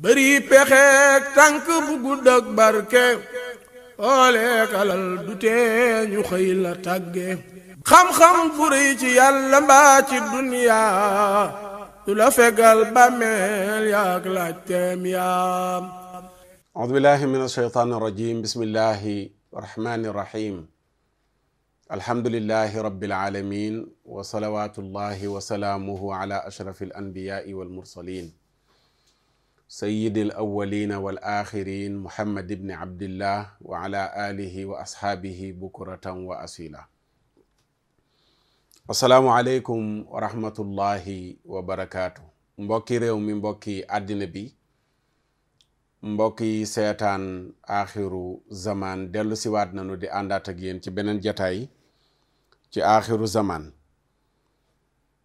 bëri pexeek tànk bu gudd ak barke xoolee kalal du tee ñu xëy la tàgge xam-xam bu rëy ci yàlla mbaa ci duniyaa du la fegal bàmmeel yaak laajteem yaam audu billahi min asheytaani irrajim bismillahi arrahmani irrahim alhamdulilahi rabbil alamin wa salawatullahi wa salaamuhu ala ashrafi al anbiyaai wal mursalin sayyidil awwalina wal axirin muhammad ibni abdillah wa ala alihi wa ashaabihi bukuratan wa asila assalaamu aleykum wa rahmatullahi wa barakaatu mbokki réew mi mbokki àddina bi mbokki seetaan axiru zaman dellu siwaat nanu di àndaat ak yéen ci beneen jataay ci axiru zaman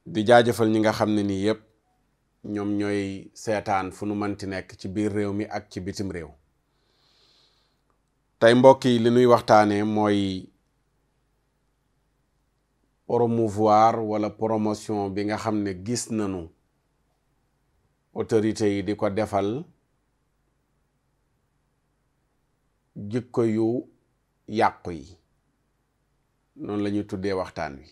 di jaajëfal ñi nga xam ne nii yépp ñoom ñooy seetaan fu nu mënti nekk ci biir réew mi ak ci bitim réew tey mbokk yi li nuy waxtaanee mooy promouvoir wala promotion bi nga xam ne gis nañu autorité yi di ko defal jikko yu yàqu yi noonu la tuddee waxtaan wi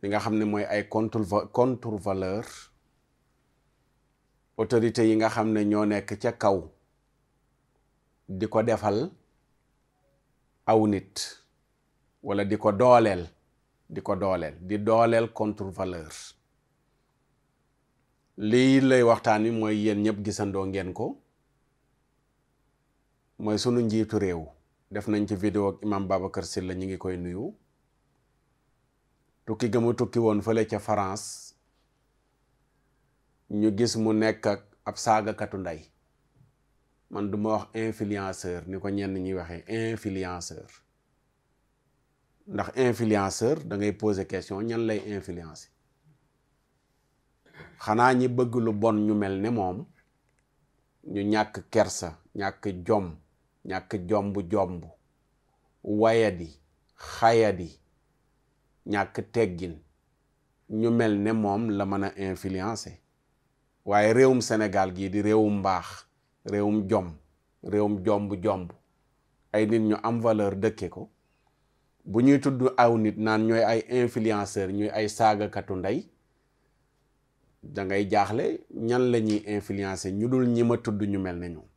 li nga xam ne mooy ay contre contre autorité yi nga xam ne ñoo nekk ca kaw di ko defal aw nit wala di ko dooleel di ko dooleel di dooleel contre valeur lii lay waxtaan wi mooy yéen ñëpp gisandoo ngeen ko mooy sunu njiitu réew def nañ ci vidéo ak imam Babacar Sylla ñu ngi koy nuyu tukki gëmu tukki woon fële ca farance ñu gis mu nekk ak ab saagakatu ndey man duma wax influenceur ni ko ñenn ñi waxee influenceur ndax influenceur dangay ngay question ñan lay influencer xanaa ñi bëgg lu bon ñu mel ne moom ñu ñàkk kersa ñàkk jom ñàkk jomb-jomb wayadi xayadi ñàkk teggin ñu mel ne moom la mën a influencer waaye réewum Sénégal gii di réewum mbaax réewum jom réewum jomb-jomb ay nit ñu am valeur dëkke ko bu ñuy tudd aw nit naan ñooy ay influenceur ñuy ay saagakatu ndey dangay jaaxle ñan la ñuy ñu dul ñi ma tudd ñu mel ne ñoom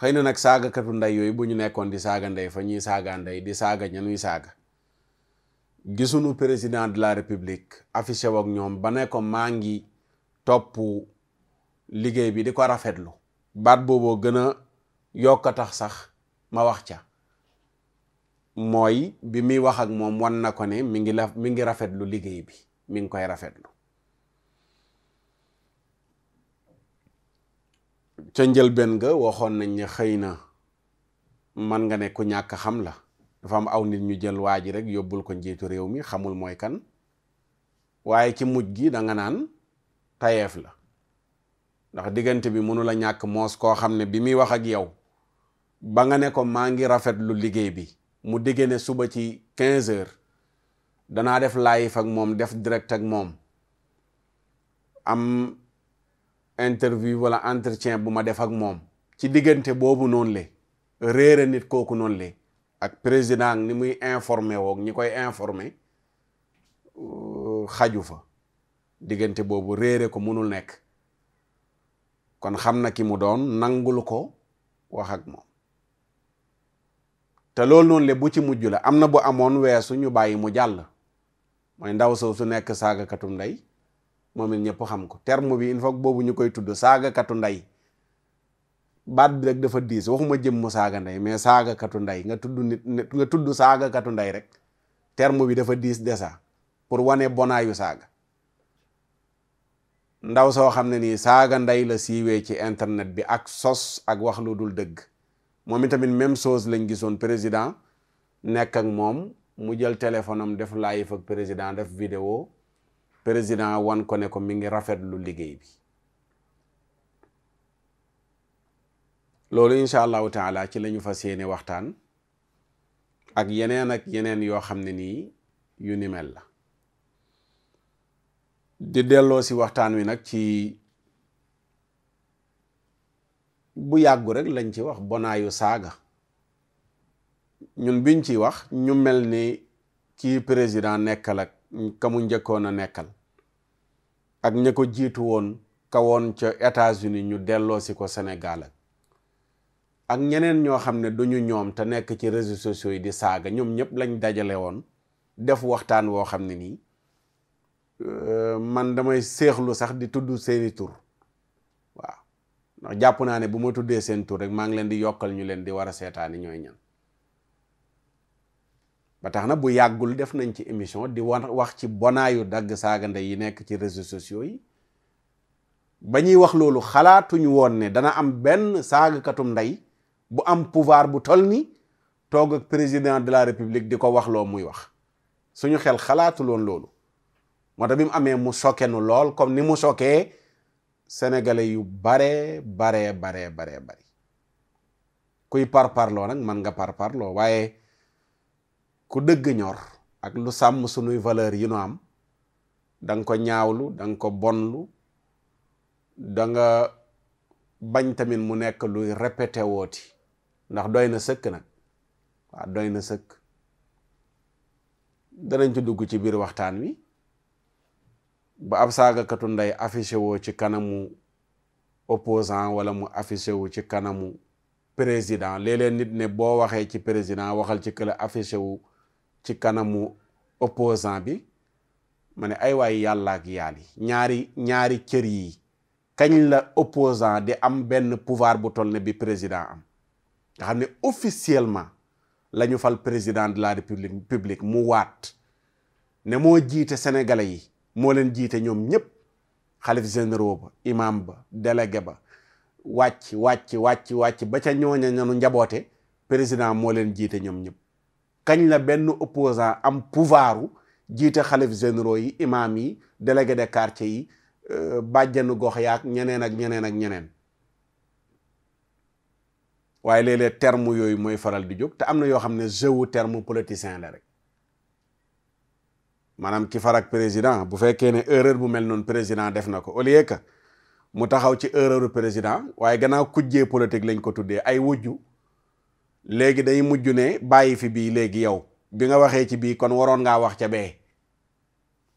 xëy na nag saagakatu ndey yooyu bu ñu nekkoon di saaga ndey fa ñuy saaga ndey di saaga ñanuy saaga gisuñu président de la république affiché wak ñoom ba ne ko maa ngi topp liggéey bi di ko rafetlu baat booboo gën a yokk a tax sax ma wax ca mooy bi muy wax ak moom wan na ko ne mi ngi la mi ngi rafetlu liggéey bi mi ngi koy rafetlu ca njëlbeen ga waxoon nañ ne xëy na man nga ne ku ñàkk xam la dafa am aw nit ñu jël waa ji rek yóbbul ko njiitu réew mi xamul mooy kan waaye ci mujj gi danga naan tayeef la ndax diggante bi mënu la ñàkk moos koo xam ne bi muy wax ak yow ba nga ne ko maa ngi rafetlu liggéey bi mu digge suba ci 15 heures danaa def live ak moom def direct ak moom am interview wala entretien bu ma def ak moom ci diggante boobu noonu le réere nit kooku noonu le ak président ni muy informé woog ñi koy informé euh, xaju fa diggante boobu réere ko mënul nekk kon xam na ki mu doon nangul ko wax ak moom te loolu noonu le bu ci mujj la am na bu amoon weesu ñu bàyyi mu jàll mooy ndaw sow su nekk saagakatu ndey moom it ñëpp xam ko terme bi il faut boobu ñu koy tudd saagakatu ndey baat bi rek dafa diis waxuma jëm mu saaga ndey mais saaga katu ndey nga tudd nit nga tudd saaga katu ndey rek termo bi dafa diis desa pour wane bonaayu saaga ndaw soo xam ne nii saaga ndey la siiwee ci internet bi ak sos ak wax lu dul dëgg moom itamit même chose lañ gisoon président nekk ak moom mu jël téléphone am def live ak président def vidéo président wan ko ne ko mi ngi rafetlu liggéey bi loolu incha allahu taala ci lañu fa fas yéene waxtaan ak yeneen ak yeneen yoo xam ne nii yu ni mel la di delloo si waxtaan wi nag ci bu yàggu rek lañ ci wax bonaa yu saaga ñun biñ ci wax ñu mel ni ci président nekkal ak ka mu njëkkoon a nekkal ak ña ko jiitu woon kawoon ca États-Unis ñu delloo si ko Sénégal ak ak ñeneen ñoo xam ne duñu ñoom te nekk ci réseaux sociaux yi di saaga ñoom ñëpp lañ dajale woon def waxtaan woo xam ne nii euh, man damay seexlu sax di tudd seeni tur waa ndax jàpp naa ne bu ma tuddee seen tur rek maa ngi leen di yokkal ñu leen di war a seetaani ñooy ñan ba tax na bu yàggul def nañ ci émission di wax ci bonaayu dagg ndey yi nekk ci réseaux sociaux yi ba ñuy wax loolu xalaatuñu woon ne dana am benn saagakatum ndey bu am pouvoir bu tol ni toog ak président de la république di ko wax loo muy wax suñu xel xalaatuloon loolu moo tax bi mu amee mu sokke nu lool comme ni mu sokkee sénégalais yu bare bare bare bare bari kuy parparloo nag man nga par parparloo waaye ku dëgg ñor ak lu sàmm suñuy valeur yi nu am da nga ko ñaawlu danga ko bonlu da nga bañ tamit mu nekk luy répété wooti ndax doy na sëkk nag waaw doy na sëkk danañ ci dugg ci biir waxtaan wi ba ab saagakatu ndey affiché woo ci kanamu opposant wala mu affiché wu ci kanamu président léeg-léeg nit ne boo waxee ci président waxal ci këla affiché wu ci kanamu opposant bi ma ne ay waay yàlla ak yàlli ñaari ñaari cër yi kañ la opposant di am benn pouvoir bu toll ne bi président am nga xam ne officiellement la ñu fal président de la république mu waat ne moo jiite sénégalais yi moo leen jiite ñoom ñëpp xalif généraux ba imam ba délégué ba wàcc wàcc wàcc wàcc ba ca ñooña ñanu njaboote président moo leen jiite ñoom ñëpp kañ la benn opposant am pouvoiru jiite xalif généraux yi imaam yi délégué de quartier yi euh, bàjjanu gox yaak ñeneen ak ñeneen ak ñeneen waaye léeg-léeg yooyu mooy faral di jóg te am na yoo xam ne jeu wu terme politicien la rek maanaam ci farak président bu fekkee ne erreur bu mel noonu président def na ko au lieu que mu taxaw ci erreuru président waaye gannaaw kujjee politique lañ ko tuddee ay wujju léegi day mujj ne bàyyi fi bii léegi yow bi nga waxee ci bii kon waroon ngaa wax ca bee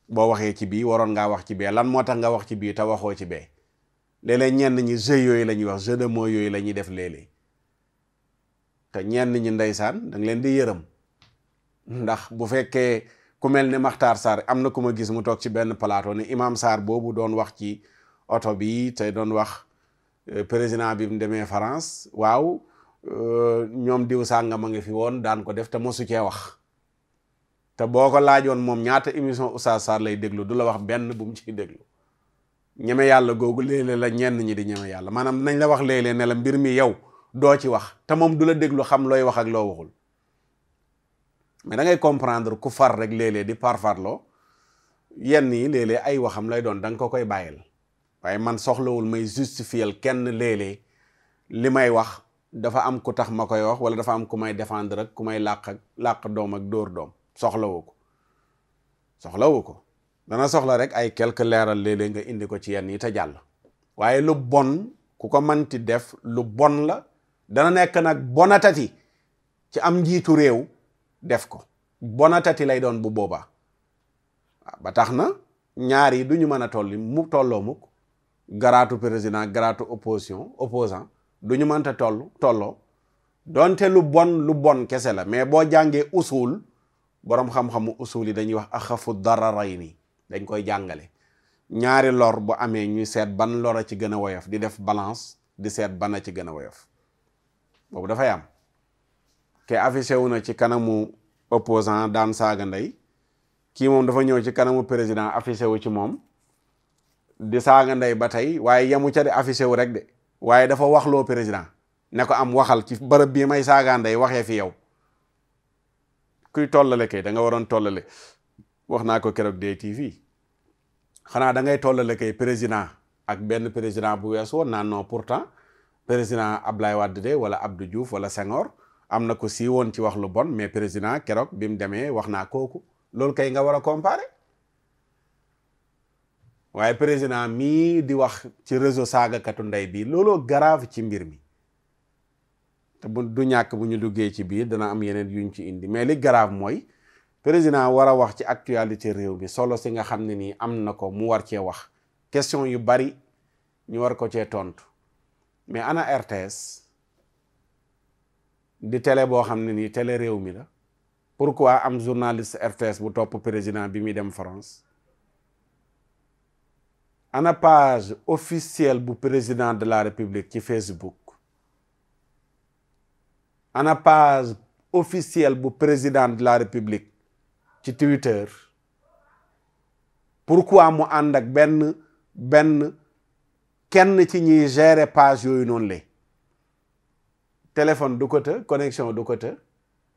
boo waxee ci bii waroon ngaa wax ci bee lan moo tax nga wax ci bii te waxoo ci bee léeg ñeen ñenn ñi jeu yooyu la ñuy wax jeu de yooyu la ñuy def léeg te ñenn ñi ndeysaan da leen di yërëm ndax bu fekkee ku mel ne Makhtar am na ku ma gis mu toog ci benn palaatoo ne imaam saar boobu doon wax ci oto bi te doon wax euh, président bi mu demee France waaw euh, ñoom diw sàngam a ngi fi woon daan ko def te mosu cee wax te boo ko laajoon moom ñaata émission Oustaz saar lay déglu du la wax benn bu mu ciy déglu ñeme yàlla googu léeg la ñenn ñi di ñeme yàlla maanaam nañ la wax léeg nela mbir mi yow doo ci wax te moom du la déglu xam looy wax ak loo waxul mais da ngay comprendre ku far rek léeg-léeg di parfarloo yenn yi léeg ay waxam lay doon danga nga ko koy bàyyil waaye man soxlawul may justifier kenn léelée li may wax dafa am ku tax ma koy wax wala dafa am ku may défendre ak ku may làq ak làq doom ak dóor doom soxlawu ko soxlawu ko dana soxla rek ay quelque leeral léeg nga indi ko ci yenn yi te jàll waaye lu bon ku ko manti def lu bon la dana nekk nag bonatati ci am njiitu réew def ko bonatati lay doon bu boobaa ah, ba tax na ñaari yi du ñu mën a tolli mu tolloo muk garaatu président garaatu opposition opposant du ñu mënta toll tolloo doonte lu bon lu bon kese la mais boo jàngee usul boroom xam-xamu usul yi dañuy wax axafu dararay nii dañ koy jàngale ñaari lor bu amee ñuy seet ban lor a ci gën a woyof di def balance di seet ban a ci gën a woyof boobu dafay am ke affiché wu na ci kanamu opposant daan saaga ndey kii moom dafa ñëw ci kanamu président affiché wu ci moom di saaga ndey ba tey waaye yemu ca di affiché wu rek de waaye dafa loo président ne ko am waxal ci bërëb bii may saaga ndey waxee fi yow kuy tollale kay da nga waroon tollale wax naa ko keroog DTV xanaa da ngay tollale kay président ak benn président bu wees woon naan non pourtant président Ablaye Wade de wala Abdou Diouf wala Senghor am na ko si woon ci wax lu bon mais président keroog bi mu demee wax naa kooku loolu kay nga war a comparer waaye président mii di wax ci réseau saagakatu ndey bii looloo grave ci mbir mi te bu du ñàkk bu ñu duggee ci biir dana am yeneen yuñ ci indi mais li grave mooy président war a wax ci actualité réew mi solo si nga xam ne nii am na ko mu war cee wax question yu bari ñu war ko cee tontu. mais ana RTS di tele boo xam ne nii télé réew mi la pourquoi am journaliste RTS bu topp président bi muy dem France ana page officielle bu président de la république ci Facebook ana page officielle bu président de la république ci Twitter pourquoi mu ànd ak benn benn kenn ci ñiy gérer page yooyu noonu la téléphone du ko të connexion du ko të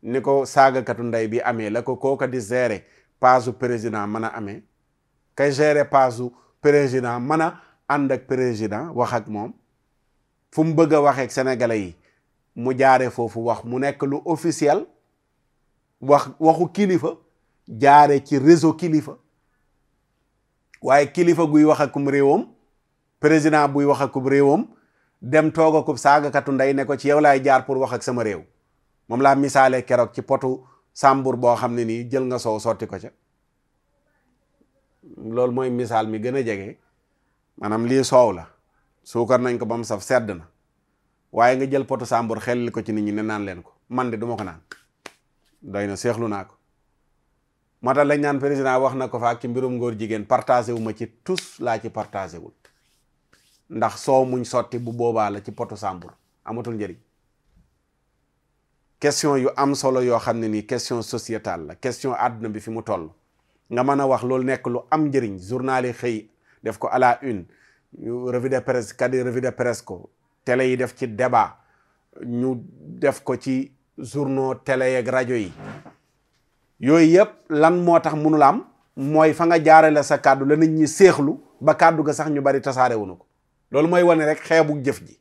ni ko saagakatu ndey bi amee la ko kooka di gérer page su président mën a amee kay gérer page su président mën a ànd ak président wax ak moom fu mu bëgg a waxee ak yi mu jaare foofu wax mu nekk lu officiel wax waxu kilifa jaare ci réseau kilifa waaye kilifa guy wax akum réewam président buy wax akub réewam dem toog akub saagakatu ndey ne ko ci yow laay jaar pour wax ak sama réew moom laa misaale keroog ci potu sambur boo xam ne nii jël nga soow sotti ko ca loolu mooy misaal mi gën a jege maanaam lii soow la suukar nañ ko ba mu saf sedd na waaye nga jël potu sàmbur xelli ko ci nit ñi ne naan leen ko man de duma ko naan doy na seexlu naa ko moo tax lañ naan président wax na ko fa ak ci mbirum ngóor jigéen partagé wu ma ci tous laa ci partagé wul ndax soow muñ sotti bu boobaa la ci potu sàmbur amatul njëriñ question yu am solo yoo xam ne nii question sociétale la question àdduna bi fi mu toll nga mën a wax loolu nekk lu am njëriñ journal yi xëy def ko à la une revue de presse kadi revue de presse ko télé yi def ci débat ñu def ko ci journaux télé yeeg rajo yi yooyu yëpp lan moo tax mënul am mooy fa nga jaarale sa kàddu la nit ñi séexlu ba kàddu ga sax ñu bari tasaare wunu ko loolu mooy wane rek xeebug jëf ji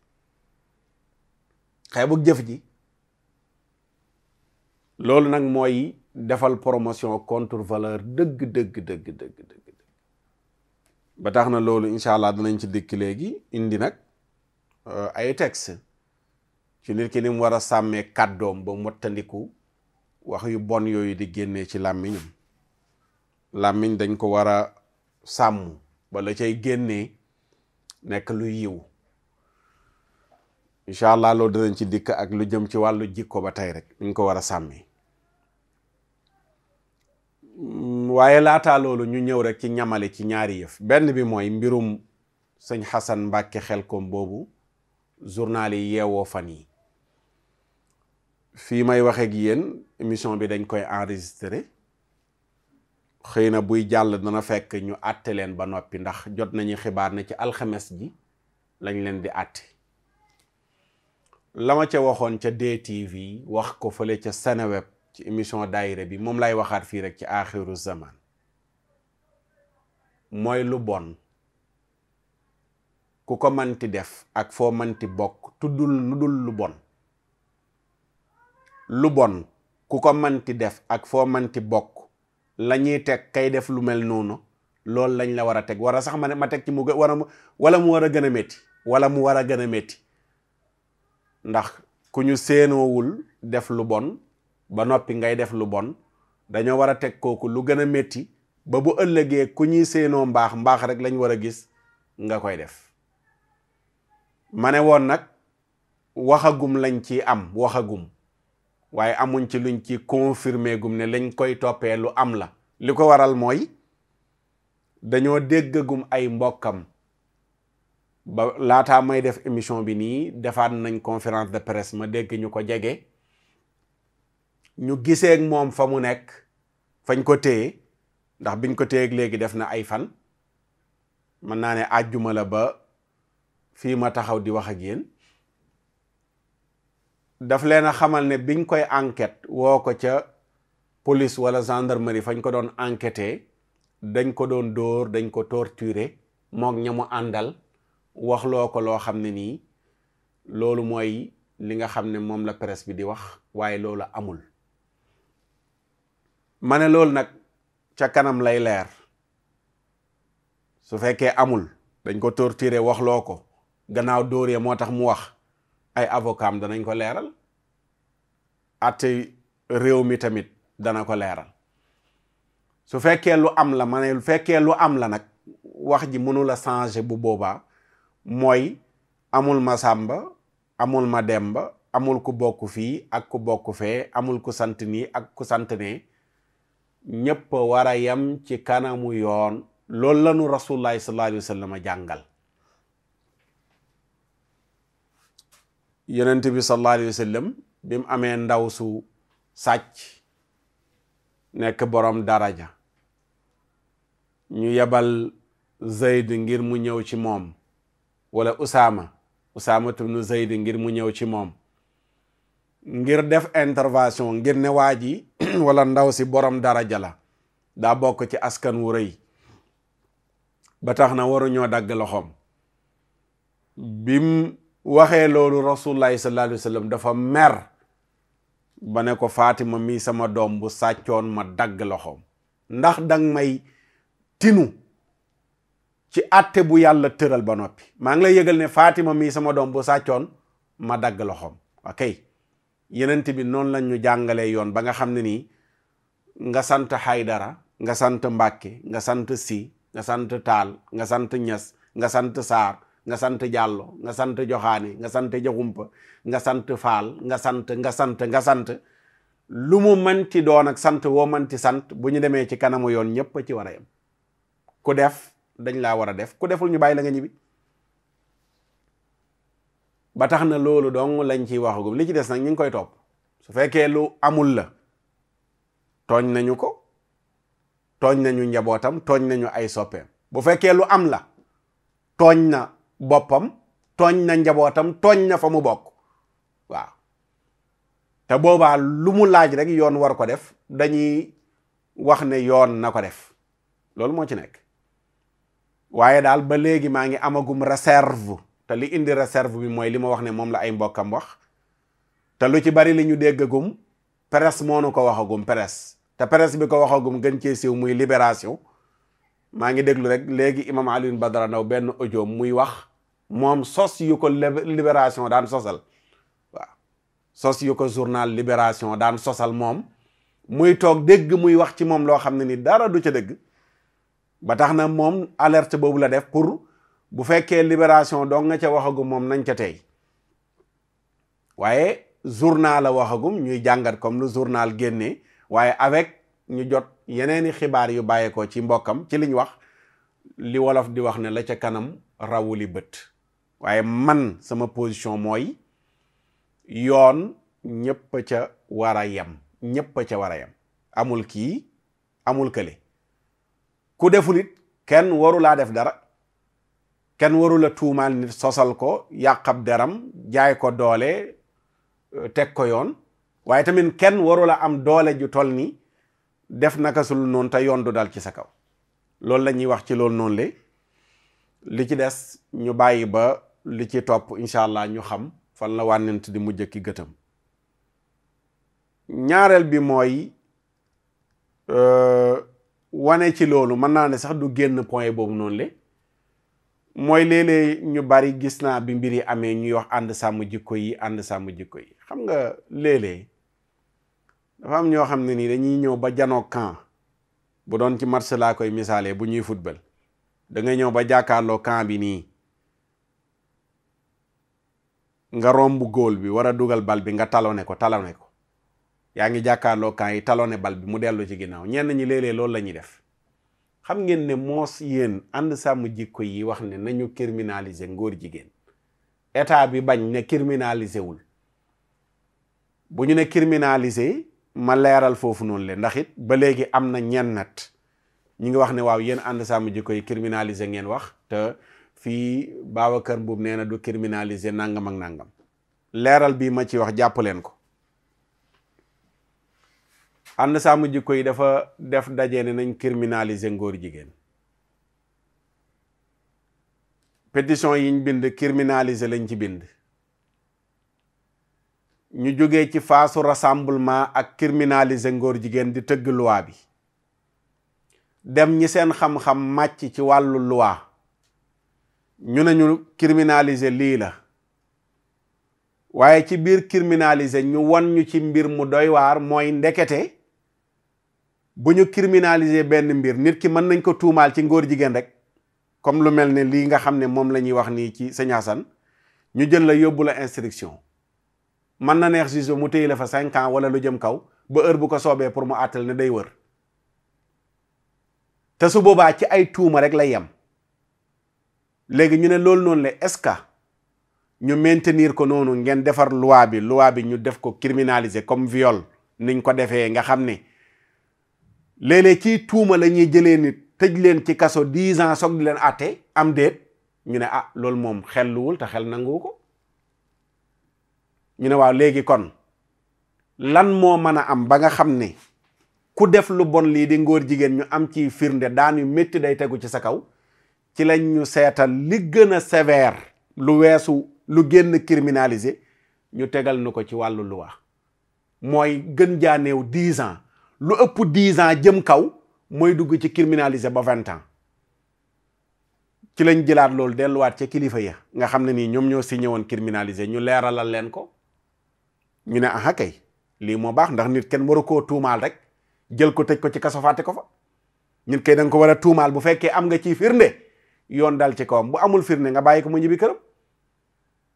xeebug jëf ji loolu nag mooy defal promotion contre valeur dëgg dëgg dëgg dëgg dëgg ba tax na loolu incha allah danañ ci dikk léegi indi nag euh, ay texte ci nit ki ni mu war a sàmmee kàddoom ba mottandiku wax yu bon yooyu di génnee ci làmmiñam làmmiñ dañ ko war a sàmm ba la cay génnee nekk lu yiw incha allah loolu danañ ci dikk ak lu jëm ci wàllu jikko ba tey rek ñu ko war a sàmmi mm, waaye laataa loolu ñu ñëw rek ci ñamale ci ñaari yëf benn bi mooy mbirum sëñ Xasan Mbàkke Xelkom boobu journal yi yeewoo fan yi fii may waxeek yéen émission bi dañ koy enregistré xëy na buy jàll dana fekk ñu àtte leen ba noppi ndax jot nañu xibaar na ci alxames ji lañ leen di àtte lama ci waxoon ca DTV wax ko fële ca Seneweb ci émission dayre bi moom lay waxaat fii rek ci axiru zaman mooy lu ku ko manti def ak foo manti bokk tuddul lu dul lu bon ku ko manti def ak foo manti bokk la ñuy teg kay def lu mel noonu loolu lañ la war a teg war a sax ma ne ma teg ci mu war a wala mu war a gën a métti wala mu war a gën a métti ndax ku ñu séenoowul def lu bon ba noppi ngay def lu bon dañoo war a teg kooku lu gën a métti ba bu ëllëgee ku ñuy séenoo mbaax mbaax rek lañ war a gis nga koy def ma ne woon nag waxagum lañ ci am waxagum waaye amuñ ci luñ ci confirmé gum ne lañ koy toppee lu am la li ko waral mooy dañoo déggagum ay mbokkam ba laataa may def émission bi nii defaat nañ conférence de presse ma dégg ñu ko jege ñu giseek moom fa mu nekk fañ ko téye ndax biñ ko téyeeg léegi def na ay fan mën naa ne àjjuma la ba fii ma taxaw di wax ak yéen daf leen a xamal ne biñ koy enquête woo ko ca police wala gendarmerie fañ ko doon enquêter dañ ko doon dóor dañ ko torturer mook ña mu àndal waxloo ko loo xam ne nii loolu mooy li nga xam ne moom la presse bi di wax waaye loolu amul ma ne loolu nag ca kanam lay leer su fekkee amul dañ ko torturer waxloo ko gannaaw dóor ya moo tax mu wax ay avocat am danañ ko leeral atte réew mi tamit dana ko leeral su fekkee lu am la ma lu fekkee lu am la nag wax ji mënula changer bu boobaa mooy amul ma sàmba amul ma demba amul ku bokk fii ak ku bokk fee amul ku sant nii ak ku sant ne ñépp war a yem ci kanamu yoon loolu lanu rasulullahi sallallahu alayhi wa sallam jàngal yonent bi sallallahu alayhi wa sallam amee ndaw su sàcc nekk borom daraja ñu yebal Zayd ngir mu ñëw ci moom wala Usaama tum nu Zayd ngir mu ñëw ci moom ngir def intervention ngir ne waa ji wala ndaw si borom daraja la daa bokk ci askan wu rëy ba tax na waruñoo dagg loxoom bim waxee loolu rasulullahi sallallahu alayhi wa dafa mer ba ne ko Fatima mii sama doom bu sàccoon ma dagg loxoom ndax dang may tinu ci àtte bu yàlla tëral ba noppi maa ngi lay yëgal ne Fatima mii sama doom bu sàccoon ma dagg loxoom ok yenent bi noonu lañ ñu jàngalee yoon ba nga xam ne nii nga sant Haydara nga sant Mbàkke nga sant Si nga sant Taal nga sant Ñas nga sant Saar nga sant Jàllo nga sant Joxaane nga sant Jaxumpa nga sant Faal nga sant nga sant nga sant lu mu mënti doon ak sant woo mënti sant bu ñu demee ci kanamu yoon ñépp ci war a yem ku def dañ laa war a def ku deful ñu bàyyi la nga ñibbi ba tax na loolu dong lañ ciy waxagum li ci des nag ñu ngi koy topp su fekkee lu amul la tooñ nañu ko tooñ nañu njabootam tooñ nañu ay soppeem bu fekkee lu am la tooñ na boppam tooñ na njabootam tooñ na fa mu bokk waaw te boobaa lu mu laaj rek yoon war ko def dañuy wax ne yoon na ko def loolu moo ci nekk waaye daal ba léegi maa ngi amagum réserve te li indi reserve bi mooy li ma wax ne moom la ay mbokkam wax te lu ci bari li ñu déggagum presse moo nu ko waxagum presse te presse bi ko waxagum gën cee siiw muy libération maa ngi déglu rek léegi imam Alioune Badara Ndao benn audio muy wax moom sos yu ko libération daan sosal waaw sos yu ko journal libération daan sosal moom muy toog dégg muy wax ci moom loo xam ne ni dara du ca dëgg ba tax na moom alerte boobu la def pour bu fekkee libération dong nga ca waxagum moom nañ ca tey waaye journal la waxagum ñuy jàngat comme lu journal génnee waaye avec ñu jot yeneeni xibaar yu bàyyeekoo ci mbokkam ci liñ wax li wolof di wax ne la ca kanam rawuli bët waaye man sama position mooy yoon ñëpp ca wara a yem ñëpp ca war a yem amul kii amul kële ku deful it kenn waru laa def dara kenn warula tuumaal nit sosal ko yàqab deram jaay ko doole euh, teg ko yoon waaye tamit kenn waru la am doole ju tol ni def nakasul noon noonu te yoon du dal ci sa kaw loolu la wax ci lool noonu le li ci des ñu bàyyi ba li ci topp incha allah ñu xam fan la wànnent di mu ki gëtam ñaareel bi mooy euh, wane ci loolu mën naa ne sax du génn point boobu noonu le mooy léeg-léeg ñu bari gis naa bi mbir yi amee ñuy wax ànd sàmm jikko yi ànd sàmm jikko yi xam nga léeg-léeg dafa am ñoo xam ne nii dañuy ñëw ba janoo camp bu doon ci match laa koy misaalee bu ñuy football dangay ñëw ba jàkkaarloo camp bi nii nga romb góol bi war a dugal bal bi nga talone ko ne ko yaa ngi jàkkaarloo kan yi talone bal bi mu dellu ci ginnaaw ñenn ñi léeg-léeg loolu la ñuy def xam ngeen ne moos yéen ànd sàmm jikko yi wax ne nañu criminaliser ngóor jigéen état bi bañ ne criminaliser wul bu ñu ne criminaliser ma leeral foofu noonu le ndax it ba léegi am na ñennat ñu ngi wax ne waaw yéen ànd sàmm jikko yi criminaliser ngeen wax fii Babacar Mbuub nee na du criminaliser nangam ak nangam leeral bii ma ci wax jàpp leen ko ànd sàmm jikko yi dafa def daje nañ criminaliser ngóor jigéen pétition yiñ bind criminaliser lañ ci bind ñu jógee ci fasu rassemblement ak criminaliser ngoor jigéen di tëgg loi bi dem ñi seen xam-xam màcc ci wàllu loi ñu ne ñu criminaliser lii la waaye ci biir criminaliser ñu won ñu ci mbir mu doy waar mooy ndekete bu ñu criminaliser benn mbir nit ki mën nañ ko tuumaal ci ngóor jigéen rek comme lu mel ne lii nga xam ne moom la ñuy wax nii ci sañaasan ñu jël la yóbbu la instruction mën na neex juge mu téye la fa cinq ans wala lu jëm kaw ba heure bu ko soobee pour mu àttal na day wër te su boobaa ci ay tuuma rek lay yem léegi ñu ne loolu noonu la est-ce que ñu maintenir ko noonu ngeen defar loi bi loi bi ñu def ko criminaliser comme viol niñ ko defee nga xam ni léeg-léeg ciy tuuma la ñuy jëlee nit tëj leen ci kaso dix ans soog leen àtte am déet ñu ne ah loolu moom xelluwul te xel nangu ko ñu ne waaw léegi kon lan moo mën a am ba nga xam ni ku def lu bon lii di ngóor jigéen ñu am ci firnde daan yu métti day tegu ci sa kaw ci lañ ñu seetal li gën a sever lu weesu lu génn criminalisé ñu tegal nu ko ci wàllu loi mooy gën jaaneew dix ans lu ëpp dix ans jëm kaw mooy dugg ci criminalisé ba vingt ci lañ jëlaat loolu delluwaat ci kilifa yi nga xam ne nii ñoom ñoo si woon criminalisé ñu leeralal leen ko ñu ne aha kay lii moo baax ndax nit kenn waru koo tuumaal rek jël ko tëj ko ci kaso fàtte ko fa nit kay da ko war tuumaal bu fekkee am nga ciy firnde yoon dal ci kawam bu amul firnde nga bàyyi ko mu ñibbi këram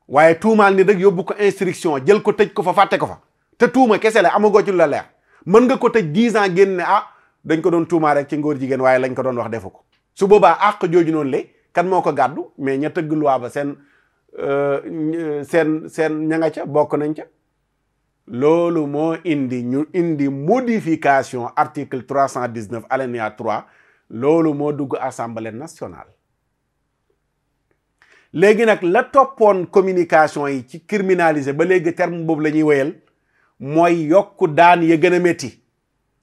waaye tuumaal ni rek yóbbu ko instriction jël ko tëj ko fa fàtte ko fa te tuuma kese la amagoo ci la leer mën nga ko tëj dix ans génn ne ah dañ ko doon tuumaa rek ci ngóor jigéen waaye lañ ko doon wax defu ko su boobaa àq jooju noonu le kan moo ko gàddu mais ña tëgg luwaa ba seen euh, seen seen ña nga ca bokk nañ ca loolu moo indi ñu indi modification article 319 alinéa 3 loolu moo dugg assemblée nationale léegi nag la toppoon communication yi ci criminaliser ba léegi terme boobu la ñuy wéyal mooy yokku daan ya gën a métti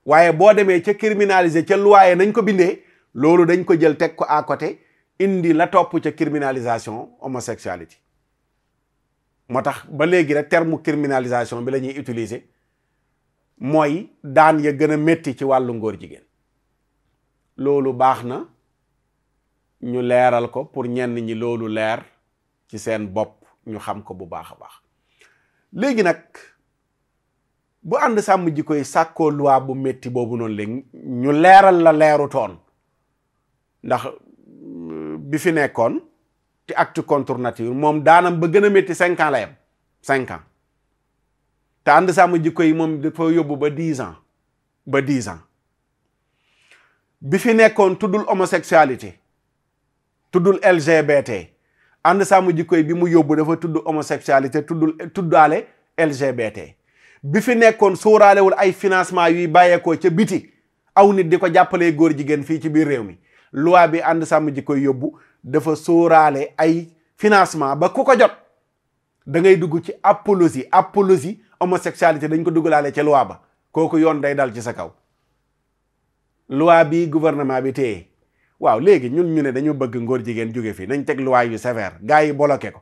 waaye boo demee ca criminaliser ca luwaaye nañ ko bindee loolu dañ ko jël teg ko à côté indi la topp ca criminalisation homosexualité moo tax ba léegi rek terme criminalisation bi la ñuy utiliser mooy daan ya gën a métti ci wàllu ngóor jigéen loolu baax na ñu leeral ko pour ñenn ñi loolu leer ci seen bopp ñu xam ko bu baax a baax léegi nag bu ànd sàmm ji koy sàkkoo loi bu métti boobu noonu léegi ñu leeral la leeru toon ndax euh, bi fi nekkoon te act contre moom daanam ba gën a métti cinq ans la yem cinq ans te ànd sàmm jikko yi moom dafa yóbbu ba dix ans ba dix ans bi fi nekkoon tuddul homosexualité tuddul LGBT ànd sàmm jikko bi mu yóbbu dafa tudd homosexualité tuddul tuddaale LGBT bi fi nekkoon sóoraalewul ay financement yuy bàyyeekoo ca biti aw nit di ko jàppalee góor jigéen fii ci biir réew mi loi bi ànd sàmm jikko yóbbu dafa sóoraale ay financement ba ku ko jot da ngay dugg ci apologie apologie homosexualité dañ ko duggalaale ca loi ba kooku yoon day dal ci sa kaw loi bi gouvernement bi téye waaw léegi ñun ñu ne dañu bëgg ngóor jigéen jóge fii nañ teg luwaay yu sévère gars yi bloqué ko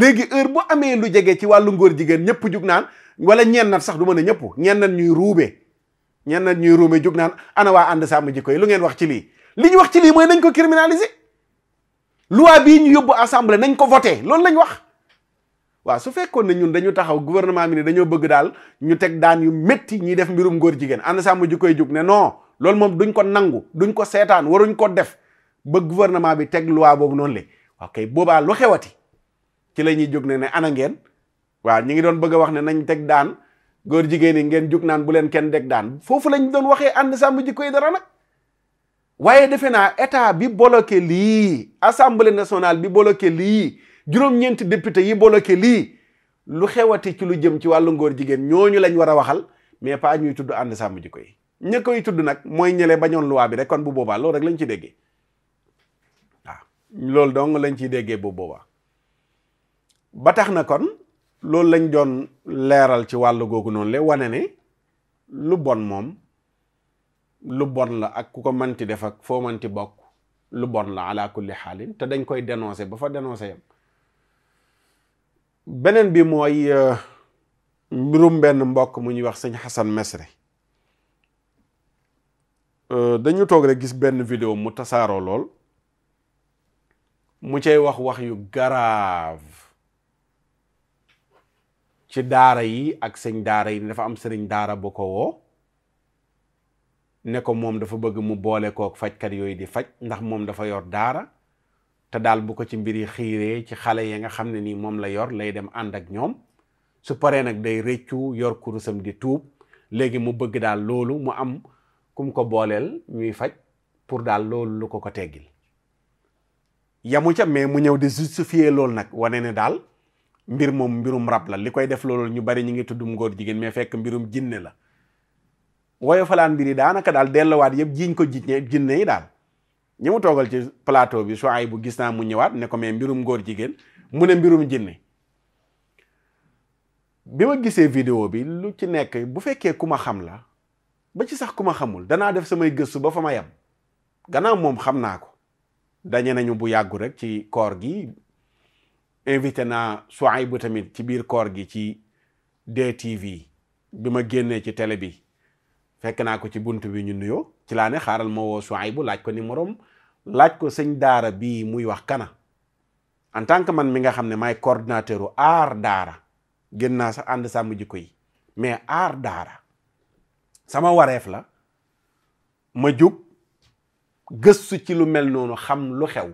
léegi heure bu amee lu jege ci wàllu ngóor jigéen ñëpp jug naan wala ñeen nat sax du mën a ñëpp ñeen nat ñuy ruube ñeen nat ñuy ruube jug naan ana waa ànd sàmm jikko yi lu ngeen wax ci lii li ñu wax ci lii mooy nañ ko criminaliser loi bii ñu yóbbu assemblée nañ ko voté loolu lañ wax waa su fekkoon ne ñun dañu taxaw gouvernement bi ne dañoo bëgg daal ñu teg daan yu métti ñuy def mbirum ngóor jigéen ànd sàmm jikko yi jug ne non loolu moom ko nangu duñ ko seetaan waruñ ko def ba gouvernement bi teg loi boobu noonu le waaw kay boobaa lu xewati ci la ñuy jóg ne ne ana ngeen waaw ñi ngi doon bëgg a wax ne nañ teg daan góor jigéen yi ngeen jug naan bu leen kenn teg daan foofu lañ doon waxee ànd sàmm jikko dara nag waaye defe naa état bi bloqué lii assemblée nationale bi bloqué lii juróom-ñeenti député yi bloqué lii lu xewati ci lu jëm ci wàllu ngóor jigéen ñooñu lañ war a waxal mais pas ñuy tudd ànd sàmm jikko yi ña koy tudd nag mooy ñële bañoon loi bi rek kon bu boobaa loolu rek lañ ci déggee loolu dong lañ ciy déggee bu boobaa ba tax na kon loolu lañ doon leeral ci wàll googu noonu le wane ne lu bon moom lu bon la ak ku ko mënti def ak foo mënti bokk lu bon la ala kulli xaalin te dañ koy dénoncer ba fa dénoncer yam beneen bi mooy euh, mbirum benn mbokk mu ñuy wax sëñ Xasan Mesre euh, dañu toog rek gis benn vidéo mu tasaaroo lool mu cay wax wax yu grave ci daara yi ak sëñ daara yi dafa am sëriñ daara bu ko woo ne ko moom dafa bëgg mu boole kook fajkat yooyu di faj ndax moom dafa yor daara te daal bu ko ci mbiri xiiree ci xale ya nga xam ne nii moom la yor lay dem ànd ak ñoom su paree nag day rëccu yor kurusam di tuub léegi mu bëgg daal loolu mu am kum ko booleel ñuy faj pour daal loolu lu ko ko teggil yamu ca mais mu ñëw di justifier loolu nag wane ne daal mbir moom mbirum rab la li koy def loolu ñu bari ñu ngi tuddum góor jigéen mais fekk mbirum jinne la woyo falaan mbir yi daanaka daal dellowaat yëpp jiiñ ko jiñ jinne yi daal ñi mu toogal ci palaato bi soo ay bu gis naa mu ñëwaat ne ko mais mbirum góor jigéen mu ne mbirum jinne bi ma gisee vidéo bi lu ci nekk bu fekkee ku ma xam la ba ci sax ku ma xamul danaa def samay gëstu ba fa ma yem gannaaw moom xam naa ko dañe nañu bu yàggu rek ci koor gi invité naa Souaïbou tamit ci biir koor gi ci DTV bi ma génnee ci télé bi fekk naa ko ci bunt bi ñu nuyoo ci laa ne xaaral ma woo bu laaj ko ni moroom laaj ko sëñ daara bii muy wax kana en tant que man mi nga xam ne maay coordinateur aar daara génn naa sax ànd sàmm jikko koy mais aar daara sama wareef la ma jug gëstu ci lu mel noonu xam lu xew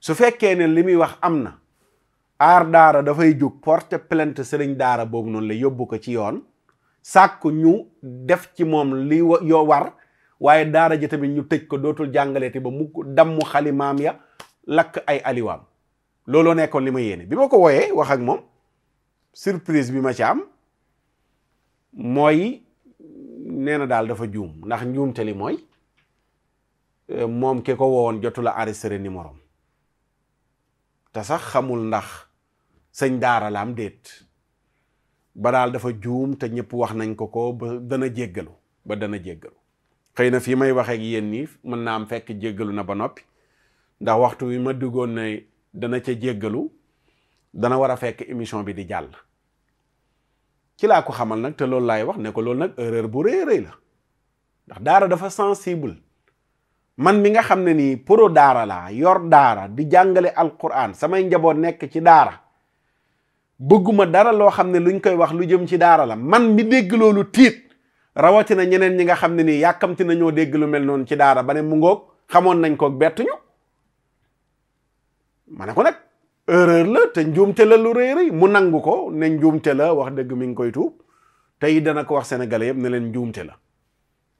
su fekkee ne li muy wax am na aar daara dafay jóg porte plainte sëriñ daara boobu noonu la yóbbu ko ci yoon sàkk ñu def ci moom li yoo war waaye daara ji tamit ñu tëj ko dootul jàngaleeti ba mu dammu xalimaam ya lakk ay aliwaam looloo nekkoon li ma yéene bi ma ko wooyee wax ak moom surprise bi ma ci am mooy nee na daal dafa juum ndax njuumte mooy moom ke ko woowoon jotul a enregistré numéro te sax xamul ndax sëñ daara la am déet ba daal dafa juum te ñëpp wax nañ ko ko ba dana jéggalu ba dana jéggalu xëy na fii may waxeek yéen nii mën naa am fekk jéggalu na ba noppi ndax waxtu wi ma duggoon ne dana ce jéggalu dana war a fekk émission bi di jàll ci laa ko xamal nag te loolu laay wax ne ko loolu nag erreur bu rëy rëy la ndax daara dafa sensible man mi nga xam ne nii pro daara la yor daara di jàngale alquran samay njaboot nekk ci daara bëgguma dara loo xam ne luñ koy wax lu jëm ci daara la man mi dégg lu tiit rawatina ñeneen ñi nga xam ne nii yàkkamti nañoo dégg lu mel noonu ci daara ba ne mu ngoog xamoon nañ koog bettuñu ma ne ko nag erreur la te njuumte la lu rëy rëy mu nangu ko ne njuumte la wax dëgg mi ngi koy tuub tey dana ko wax senegal yëpp ne leen njuumte la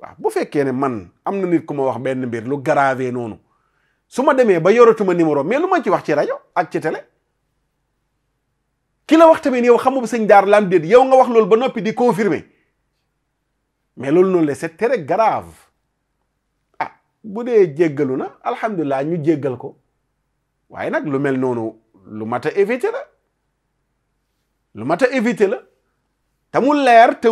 waaw bu fekkee ne man am na nit ku ma wax benn mbir lu grave noonu su ma demee ba yoratuma numéro mais lu ma ci wax ci rajo ak ci télé ki la wax tamit yow xamu sëñ daar lam déet yow nga wax loolu ba noppi di confirmer mais loolu noonu la c'est très grave ah bu dee jéggalu na alhamdulilah ñu jéggal ko waaye nag lu mel noonu lu mat a éviter la lu mat a éviter la te mu leer te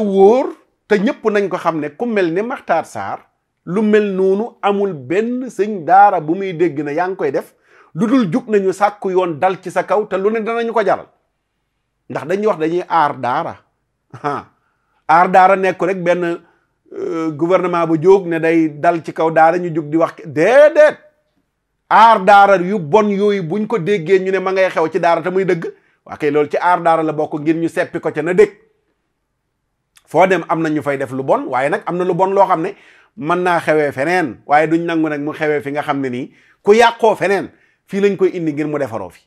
te ñëpp nañ ko xam ne ku mel ni Makhtar saar lu mel noonu amul benn sëñ daara bu muy dégg na yaa ngi koy def lu dul jug nañu sàkk yoon dal ci sa kaw te lu ne ñu ko jaral ndax dañuy wax dañuy aar daara aar daara nekku rek benn euh, gouvernement bu jóg ne day dal ci kaw daara ñu jug di wax déedéet aar daara yu bon yooyu buñ ko déggee ñu ne ma ngay xew ci daara te muy dëgg waa kay loolu ci aar daara la bokk ngir ñu seppi ko ca na dégg foo dem am na ñu fay def lu bon waaye nag am na lu bon loo xam ne mën naa xewee feneen waaye duñ nangu nag mu xewee fi nga xam ne nii ku yàqoo feneen fii lañ koy indi ngir mu defaroo fi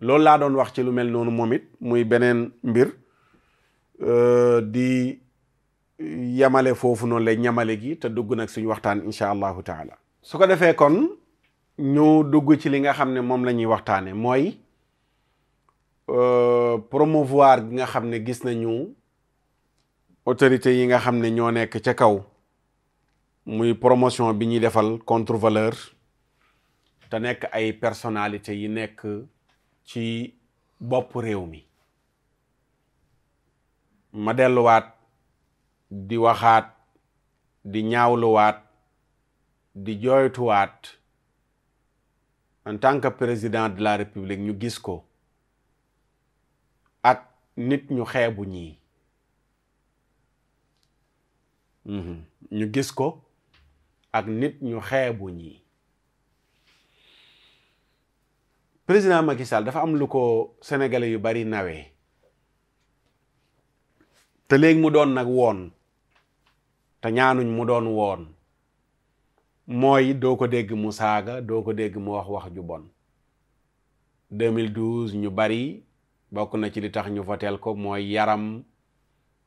loolu laa doon wax ci lu mel noonu moom it muy beneen mbir euh, di yamale foofu noonu lay ñamale gi te dugg nag suñu waxtaan incha allahu taala su ko defee kon ñu dugg ci li nga xam ne moom la ñuy waxtaane mooy euh, promouvoir gi nga xam ne gis nañu autorités yi nga xam ne ñoo nekk ca kaw muy promotion bi ñuy defal contre valeur te nekk ay personnalité yi nekk ci bopp réew mi ma delluwaat di waxaat di ñaawluwaat di jooytuwaat en tant que président de la république ñu gis ko ak nit ñu xeebu ñii Mm-hmm. ñu gis ko ak nit ñu xeebu ñi président Macky dafa am lu ko sénégalais yu bari nawe te léegi mu doon nag woon te ñaanuñ mu doon woon mooy doo ko dégg mu saaga doo ko dégg mu wax wax ju bon 2012 ñu bari bokk na ci li tax ñu voteel ko mooy yaram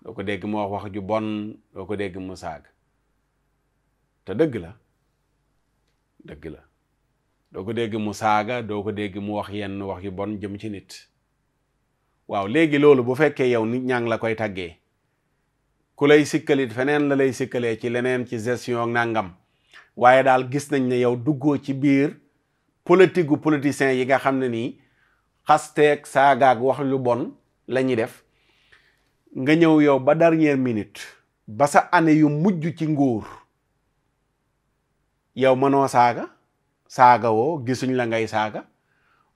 doo ko dégg mu wax wax ju bon doo ko dégg mu saag te dëgg la dëgg la doo ko dégg mu saaga doo ko dégg mu wax yenn wax yu bon jëm ci nit waaw léegi loolu bu fekkee yow nit ñaa ngi la koy taggee ku lay sikkalit feneen la lay sikkalee ci leneen ci gestion nangam waaye daal gis nañ ne yow duggoo ci biir politique gu yi nga xam ne nii xasteeg saagaak wax lu bon lañuy def nga ñëw yow ba dernière minute ba sa année yu mujj ci nguur yow mënoo saaga saaga woo gisuñ la ngay saaga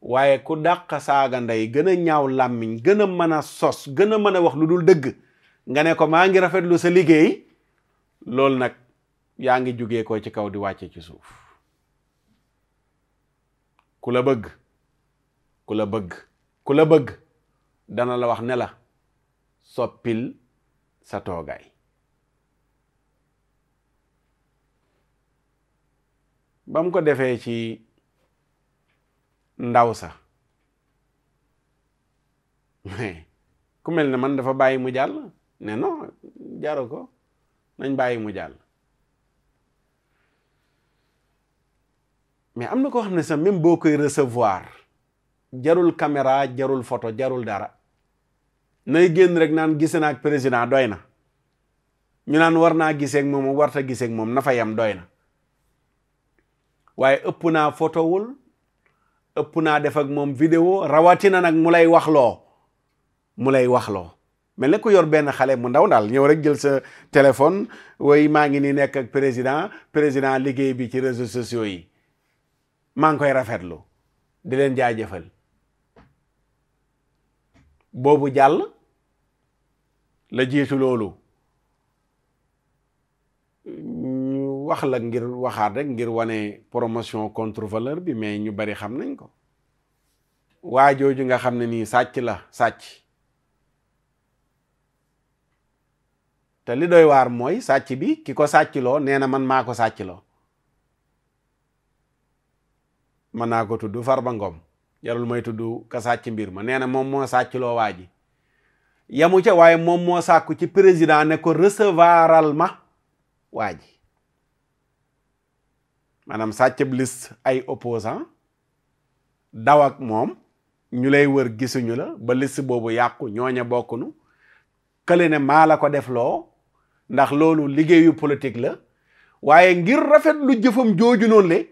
waaye ku dàq saaga ndey gën a ñaaw làmmiñ gën a mën a sos gën a mën a wax lu dul dëgg nga ne ko maa ngi rafetlu sa liggéey loolu nag yaa ngi jugee ko ci kaw di wàcce ci suuf ku la bëgg ku la bëgg ku la bëgg dana la wax ne la soppil sa toogaay ba ko defee ci ndaw sa mais ku mel ne man dafa bàyyi mu jàll ne non jaru ko nañ bàyyi mu jàll mais am na koo xam ne sax même boo koy recevoir jarul caméra jarul photo jarul dara nay génn rek naan gise naa ak président doy na ñu naan war naa giseeg moom warta giseek moom na fa doy na waaye ëpp naa fotowul ëpp naa def ak moom vidéo rawatina nag mu lay waxloo mu lay waxloo mel ne ku yor benn xale mu ndaw daal ñëw rek jël sa téléphone woy maa ngi ni nekk ak président président liggéey bi ci réseau sociaux yi maa ngi koy rafetlu di leen jaajëfal boobu jàll la jiitu loolu ñu wax la ngir waxaat rek ngir wane promotion contre bi mais ñu bari xam nañ ko waa jooju nga xam ne nii sàcc la sàcc te li doy waar mooy sàcc bi ki ko sàcc loo nee na man maa ko sàcc loo mën naa ko tudd far ba Ngom jarul may tudd ka sàcc mbir ma nee na moom moo sàcc loo waa ji yamu ca waaye moom moo sakku ci président ne ko recevoiral ma waa ji maanaam sàccab liste ay opposant daw ak moom ñu lay wër gisuñu la ba liste boobu yàqu ñooña bokkunu kële ne maa la ko def loo ndax loolu liggéeyu politique la waaye ngir rafet lu jëfam jooju noonu le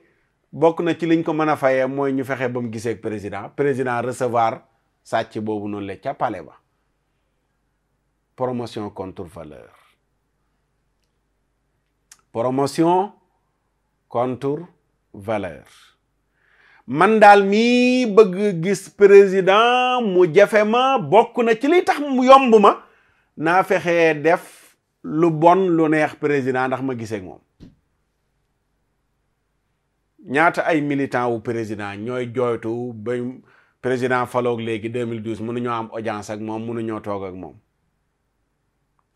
bokk na ci liñ ko mën a fayee mooy ñu fexe ba mu gisee ak président recevoir sàcc boobu noonu le ca palais ba promotion contre valeur promotion contre valeur man daal mii bëgg gis président mu jafe ma bokk na ci li tax mu yomb ma naa fexe def lu bon lu neex président ndax ma gisee moom ñaata ay militant wu président ñooy jooytu ba président faloog léegi 2012 mënuñoo am audience ak moom mënuñoo toog ak moom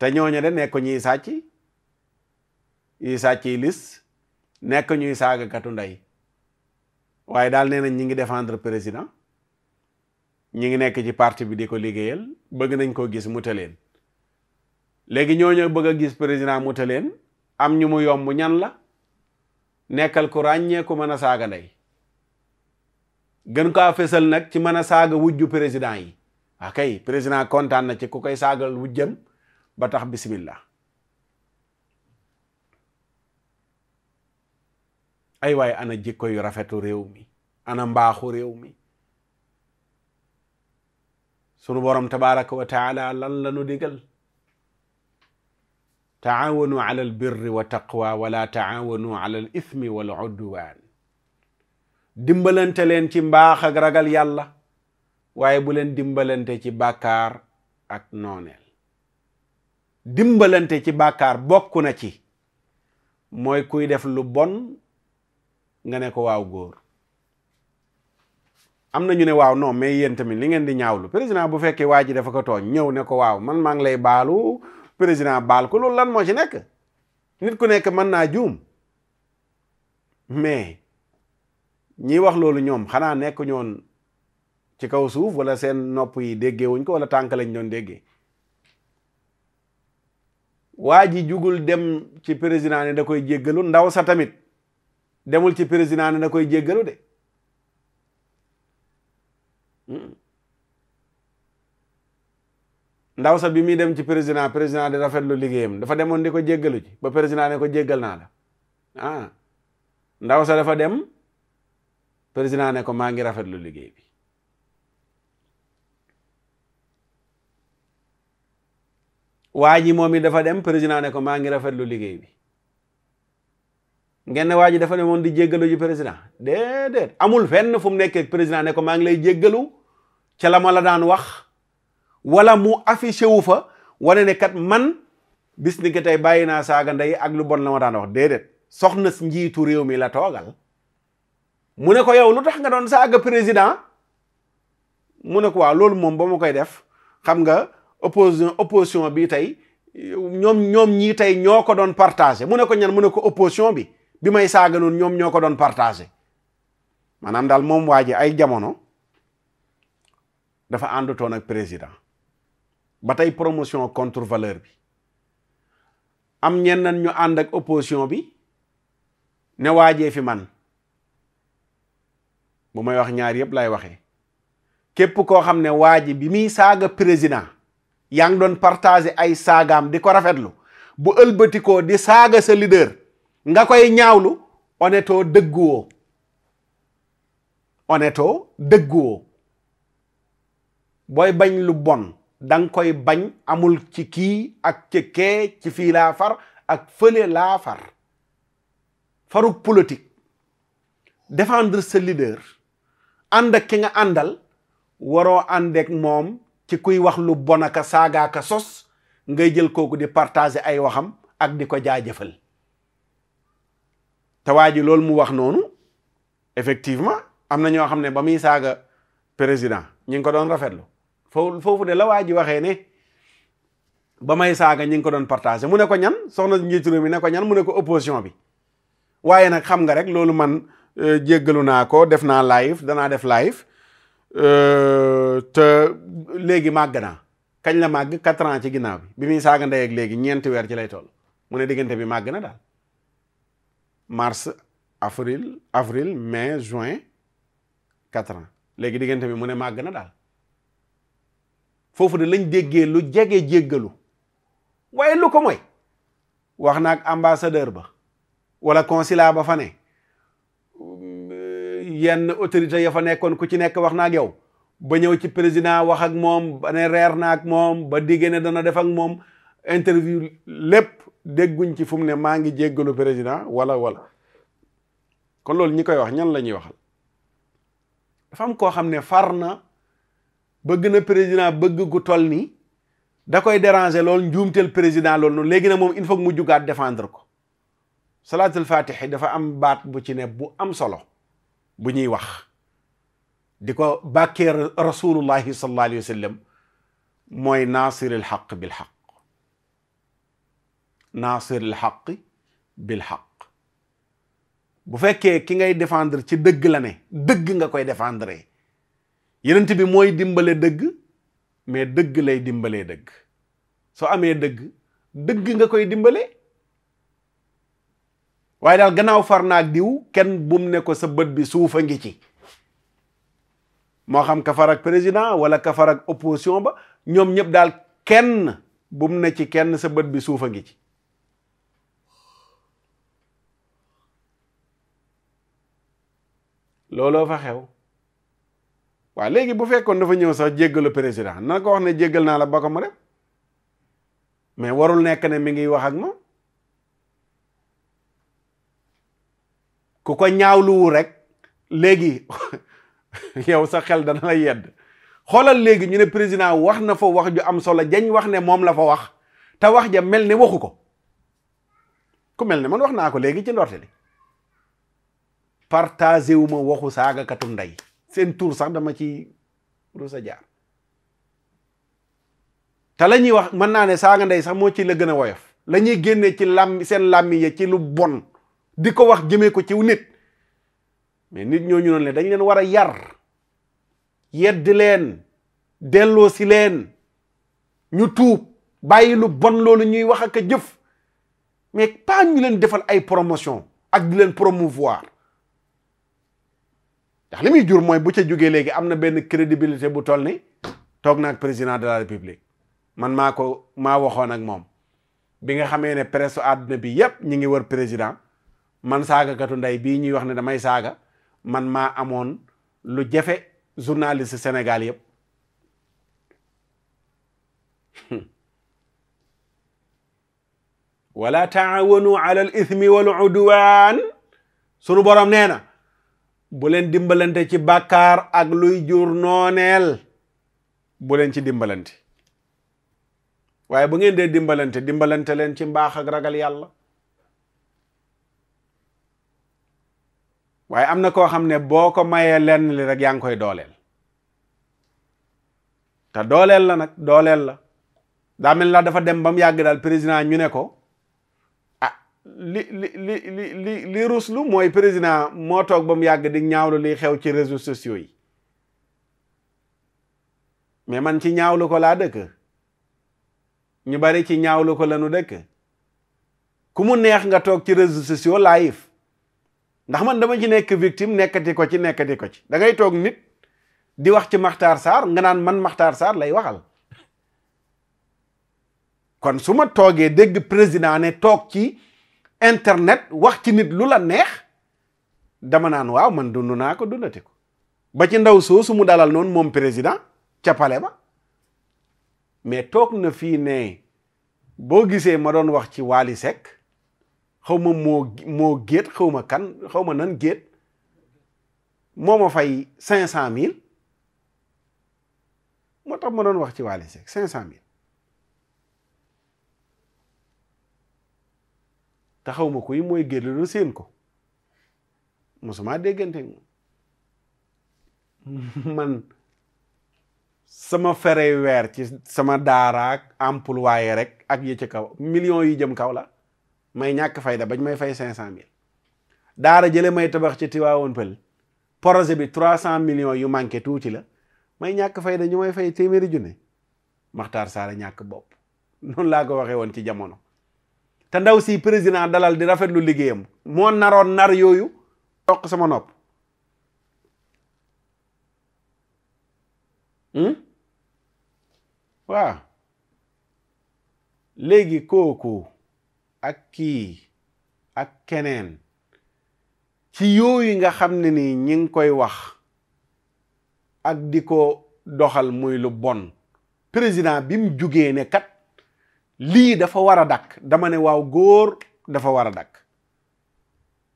te ñooñu de nekk ñuy sàcc ñuy sàcc lis nekk ñuy saagakatu ndey waaye daal nee nañ ñi ngi défendre président ñi ngi nekk ci parti bi di ko liggéeyal bëgg nañ koo gis mu taleen léegi ñooñu bëgg a gis président mu taleen am ñu mu yomb ñan la nekkal ku ràññee ku mën a saaga ndey gën kaa fësal nag ci mën a saaga wujju président yi akay ah président kontaan na ci ku koy saagal wujjam ba tax bismillah ay waay ana jikko yu rafetu réew mi ana mbaaxu réew mi sunu borom tabaraka wa taala lan la nu digal taawanu ala albirri wa taqwa wala taawanu ala al ithmi wal udwan dimbalante leen ci mbaax ak ragal yàlla waaye bu leen dimbalante ci bàkkaar ak nooneel dimbalante ci bàkkaar bokk na ci mooy kuy def lu bon nga ne ko waaw góor am na ñu ne waaw noom mais yéen tamit li ngeen di ñaawlu président bu fekkee waa ji dafa ko tooñ ñëw ne ko waaw man maa ngi lay baalu président baal ko loolu lan moo ci nekk nit ku nekk mën naa juum mais ñiy wax loolu ñoom xanaa nekk ñoon ci kaw suuf wala seen nopp yi déggee wuñ ko wala tànk lañ doon déggee waa ji jugul dem ci président ni da koy jéggalu ndaw sa tamit demul ci président ni da koy jéggalu de hmm. ndaw sa bi muy dem ci président président di rafetlu liggéeyam dafa demoon di ko jéggalu ci ba président ne ko jéggal naa la ah ndaw sa dafa dem président ne ko maa ngi rafetlu liggéey bi waa ji moom it dafa dem président ne ko maa ngi rafetlu liggéey bi ngeen ne waa ji dafa ne moom di jéggalu ji président déedéet amul fenn fu mu nekkee président ne ko maa ngi lay jéggalu ca la ma la daan wax walla mu affiché wu fa wane ne kat man bis tey bàyyi naa saaga ndey ak lu bon la ma daan wax déedéet soxna njiitu réew mi la toogal mu ne ko yow lu tax nga doon saaga président mu ne ko waa loolu moom ba mu koy def xam nga opposition opposition bi tey ñoom ñoom ñii tey ñoo ko doon partagé mu ne ko ñan mu ne ko opposition bi bi may saaga noonu ñoom ñoo ko doon partagé maanaam daal moom waa ji ay jamono dafa àndutoon ak président ba tey promotion contre valeur bi am ñenn ñu ànd ak opposition bi ne waajee fi man bu may wax ñaari yëpp lay waxee képp koo xam ne waa ji bi muy saaga président yaa ngi doon partager ay saagaam di ko rafetlu bu ëlbatikoo di saaga sa leader nga koy ñaawlu oneto dëgguwoo oneto dëgguwoo booy bañ lu bon danga koy bañ amul ci kii ak ci kee ci fii laa far ak fële laa far faru polotik défendre sa leader ki nga àndal waroo àndeek moom ci kuy wax lu bon aka saaga aka sos ngay jël kooku di partager ay waxam ak di ko jaajëfal te waa ji loolu mu wax noonu effectivement am na ñoo xam ne ba muy saaga président ñi ngi ko doon rafetlu foofu foofu de la waa ji waxee ne ba may saaga ñi ngi ko doon partager mu ne ko ñan soxna njiitu réew mi ne ko ñan mu ne ko opposition bi waaye nag xam nga rek loolu man euh, jéggalu naa ko def naa live danaa def live Euh, te léegi màgg naa kañ la màgg quatre ans ci ginnaaw bi bi muy saaga ndey ak léegi ñeenti weer ci lay toll mu ne diggante bi màgg na daal mars avril avril mai juin quatre ans léegi diggante bi mu ne màgg na daal foofu de lañ déggee lu jege jéggalu waaye lu ko mooy wax nak ambassadeur ba walla consulat ba yenn autorité ya fa nekkoon ku ci nekk wax naa ak yow ba ñëw ci président wax ak moom ba ne reer na ak moom ba diggée ne dana def ak moom interview lépp dégguñ ci fu ne maa ngi jéggalu président wala wala kon loolu ñi koy wax ñan la ñuy waxal dafa koo xam ne far na bëgg na président bëgg ku tol nii da koy déranger loolu njuumteel président loolu noonu léegi nag moom il faut mu jugaat défendre ko salaatul fatihi dafa am baat bu ci ne bu am solo bu ñuy wax di ko bakke rasulullahi sallallahu alayhi wa sallam mooy naasiril xaq bil xaq naasiril xaq bil xaq bu fekkee ki ngay défendre ci dëgg la ne dëgg nga koy défendre yenent bi mooy dimbale dëgg mais dëgg lay dimbalee dëgg soo amee dëgg dëgg nga koy dimbale waaye daal gannaaw far naag diw kenn bum ne ko sa bët bi suufa ngi ci moo xam kafar ak président wala ka far ak opposition ba ñoom ñëpp daal kenn bum ne ci kenn sa bët bi suufa ngi ci looloo fa xew waaw léegi bu fekkoon dafa ñëw sax jéggalu président na ko wax ne jéggal naa la ba ko ma dem mais warul nekk ne mi ngi wax ak ma ku ko ñaawluwu rek léegi yow sa xel dana la yedd xoolal léegi ñu ne président wax na fa wax ju am solo jañ wax ne moom la fa wax te wax ja mel ne waxu ko ku mel ne man wax naa ko léegi ci ndorte li partagé wu ma waxu saagakatu ndey seen tur sax dama ci rusa jaar te la ñuy wax mën naa ne saaga ndey sax moo ci la gën a woyof la ñuy génne ci làmmi seen làmmi ci lu bon di ko wax jëmee ko ci nit mais nit ñoo ñunoon le dañ leen war a yar yeddi leen delloo si leen ñu tuub bàyyi lu bon loolu ñuy wax ak jëf mais pas ñu leen defal ay promotion ak di leen promouvoir ndax li muy jur mooy bu ca jógee léegi am na benn crédibilité bu toll ni toog na ak président de la république man maa ko maa waxoon ak moom bi nga xamee ne presse àdduna bi yépp ñi ngi wër président man saaga saagakatu ndey bii ñuy wax ne damay saaga man maa amoon lu jafe journaliste Sénégal yëpp hmm. wala taawanu ala al ithmi wal udwan sunu borom nee na bu leen dimbalante ci bàkkaar ak luy jur nooneel bu leen ci dimbalante waaye bu ngeen dee dimbalante dimbalante leen ci mbaax ak ragal yàlla waaye am na koo xam ne boo ko mayee lenn li rek yaa ngi koy dooleel te dooleel la nag dooleel la daa mel la dafa dem ba mu yàgg daal président ñu ne ko ah li li li li li ruslu mooy président moo toog ba mu yàgg di ñaawlu liy xew ci réseaux sociaux yi mais man ci ñaawlu ko laa dëkk ñu bari ci ñaawlu ko lanu dëkk ku mu neex nga toog ci réseaux sociaux live ndax man dama ci nekk victime nekkati ko ci nekkati ko ci da ngay toog nit di wax ci Makhtar Sarr nga naan man Makhtar saar lay waxal kon su ma toogee dégg président ne toog ci internet wax ci nit lu la neex dama naan waaw man dund naa ko dundati ko ba ci ndaw soosu mu dalal noonu moom président ca pale ba mais toog na fii ne boo gisee ma doon wax ci Wally Seck xaw ma moo moo géet xaw ma kan xaw ma nan géet moo ma fay cinq cent mille moo tax ma doon wax ci Wally Seck cinq cent mille te xaw ma kuy mooy géet lu seen ko mosuma déggante man sama fere weer ci sama daaraak employé rek ak yi ci kaw millions yi jëm kaw la may ñàkk fayda bañ may fay cinq cent mille daara jële may tabax ci Tiwaawoon Pël projet bi trois cent millions yu manqué tuuti la may ñàkk fayda ñu may fay téeméeri junne Maxtaar Saara ñàkk bopp noonu laa ko waxee woon ci jamono te ndaw si président dalal di rafet lu liggéeyam moo naroon nar yooyu toq sama nopp hmm? waaw léegi kooku ak kii ak keneen ci yooyu nga xam ne ni ñi ngi koy wax ak di ko doxal muy lu bon président bi mu jugee ne kat lii dafa war a dakk dama ne waaw góor dafa war a dakk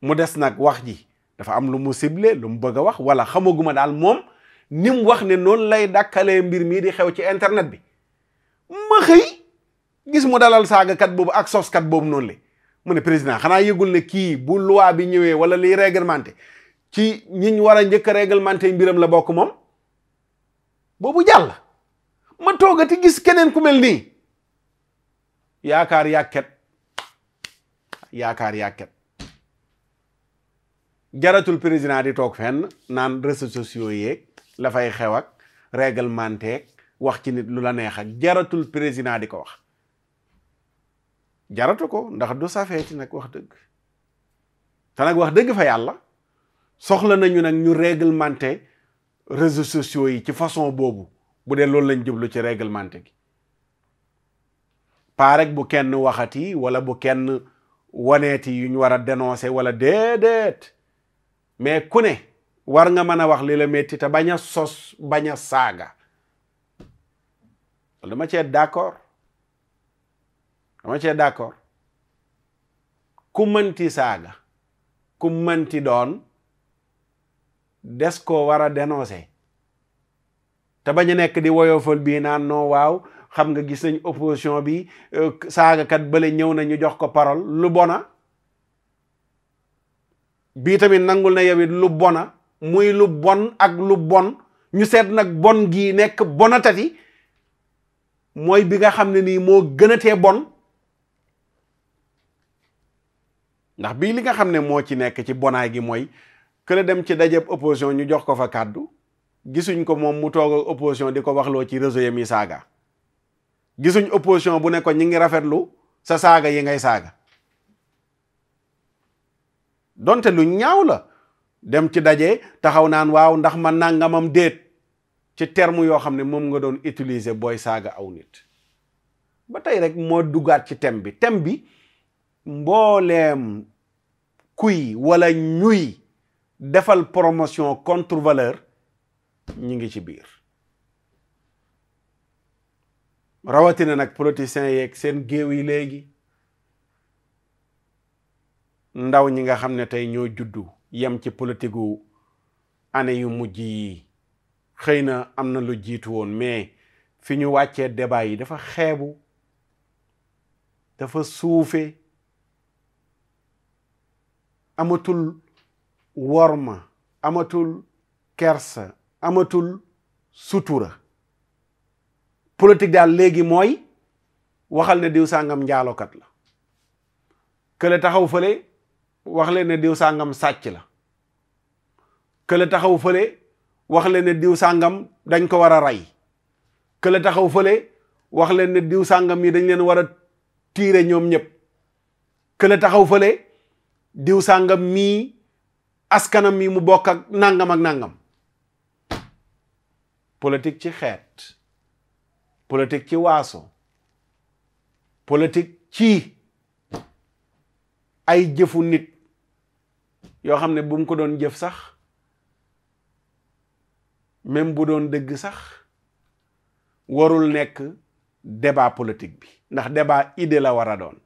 mu des nag wax ji dafa am lu mu ciblé lu mu bëgg a wax wala xamaguma daal moom ni wax ne noonu lay dakkalee mbir mii di xew ci internet bi ma xëy gis mu dalal saagakat boobu ak soskat boobu noonu le mu ne président xanaa yëgul ne kii bu loi bi ñëwee wala lii réglementé ci ñiñ war a njëkk a réglementé mbiram la bokk moom boobu jàll ma ti gis keneen ku mel nii yaakaar yàkket yaakaar yàkket jaratul président di toog fenn naan réseaux sociaux yeeg la fay xew ak réglementé wax ci nit lu la neex ak jaratul président di ko wax jaratu ko ndax du safeeti nag wax dëgg te nag wax dëgg fa yàlla soxla nañu nag ñu réglementé réseaux sociaux yi ci façon boobu bu dee loolu lañ jublu ci réglementé gi paa bu kenn waxati wala bu kenn waneeti yu ñu war a dénoncé wala déedéet mais ku ne war nga mën a wax li la métti te bañ a sos bañ a saaga loolu dama cee d'accord dama cee d'accord ku mënti saaga ku mënti doon des koo war a dénoncer te bañ a nekk di woyofal bii naan non waaw xam nga gis nañ opposition bi euh, saagakat bële ñëw na ñu jox ko parole lu bona bii tamit nangul na yow lu bona muy lu bon ak lu bon ñu seet nag bon gii nekk bona tati mooy bi nga xam ne nii moo gën a tee bon ndax bii li nga xam ne moo ci nekk ci bonaay gi mooy kële dem ci dajeb opposition ñu jox ko fa kàddu gisuñ ko moom mu toog ak opposition di ko waxloo ci réseau yi saaga gisuñ opposition bu ne ko ngi rafetlu sa saaga yi ngay saaga donte lu ñaaw la dem ci daje taxaw naan waaw ndax ma nangamam déet ci terme yoo xam ne moom nga doon utiliser booy saaga aw nit ba tey rek moo dugaat ci thème bi thème bi mbooleem kuy wala ñuy defal promotion contre valeur ñi ngi ci biir rawatina nag politiciens yeeg seen géew yi léegi ndaw ñi nga xam ne tey ñoo juddu yem ci politique gu année yu mujj yi xëy na am na lu jiitu woon mais fi ñu wàccee débat yi dafa xeebu dafa suufe amatul worma amatul kersa amatul sutura politique daal léegi mooy waxal ne diw sàngam njaalookat la kële taxaw fële wax leen ne diw sàngam sàcc la kële taxaw fële wax leen ne diw sàngam dañ ko war a rey kële taxaw fële wax leen ne diw sàngam yi dañ leen war a tiire ñoom ñëpp kële taxaw fële diw sàngam mii askanam mi mu bokk ak nangam ak nangam politique ci xeet politique ci waaso politique ci ay jëfu nit yoo xam ne bu mu ko doon jëf sax même bu doon dégg sax warul nekk débat politique bi ndax debaa idée la war a doon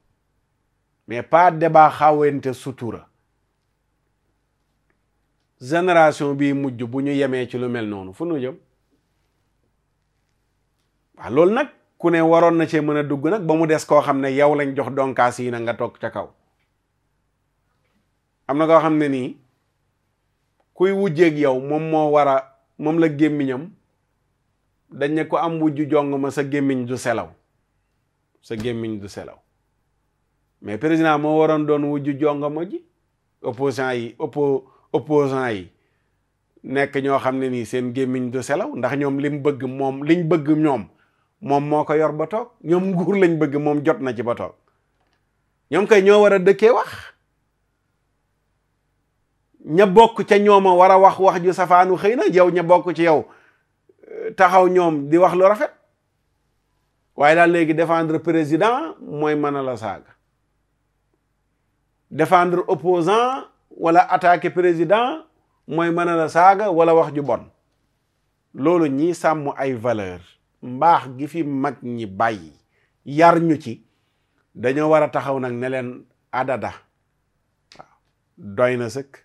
mais pas débat xawente sutura génération bii mujj bu ñu yemee ci lu mel noonu fu nu jëm waaw loolu nag ku ne waroon na cee mën a dugg nag ba mu des koo xam ne yow lañ jox donkaas yi na nga toog ca kaw am na koo xam ne nii kuy wujjeek yow moom moo war a moom la gémmiñam dañ ne ko am wujju jong ma sa gémmiñ du selaw sa gémmiñ du selaw mais président moo waroon doon wujju jongama ji opposant yi oppo opposant yi nekk ñoo xam ne nii seen gémmiñ du selaw ndax ñoom lim bëgg moom liñ bëgg ñoom moom moo ko yor ba toog ñoom nguur lañ bëgg moom jot na ci ba toog ñoom kay ñoo war a dëkkee wax ña bokk ca ñooma war a wax wax ju safaanu xëy na yow ña bokk ci yow euh, taxaw ñoom di wax lu rafet waaye daal léegi défendre président mooy mën a la saaga defendre opposant wala attaquer président mooy mën a la saaga wala wax ju bon loolu ñii sàmm ay valeur mbaax gi fi mag ñi bàyyi yar ñu ci dañoo war a taxaw nag ne leen adada waaw doy na sëkk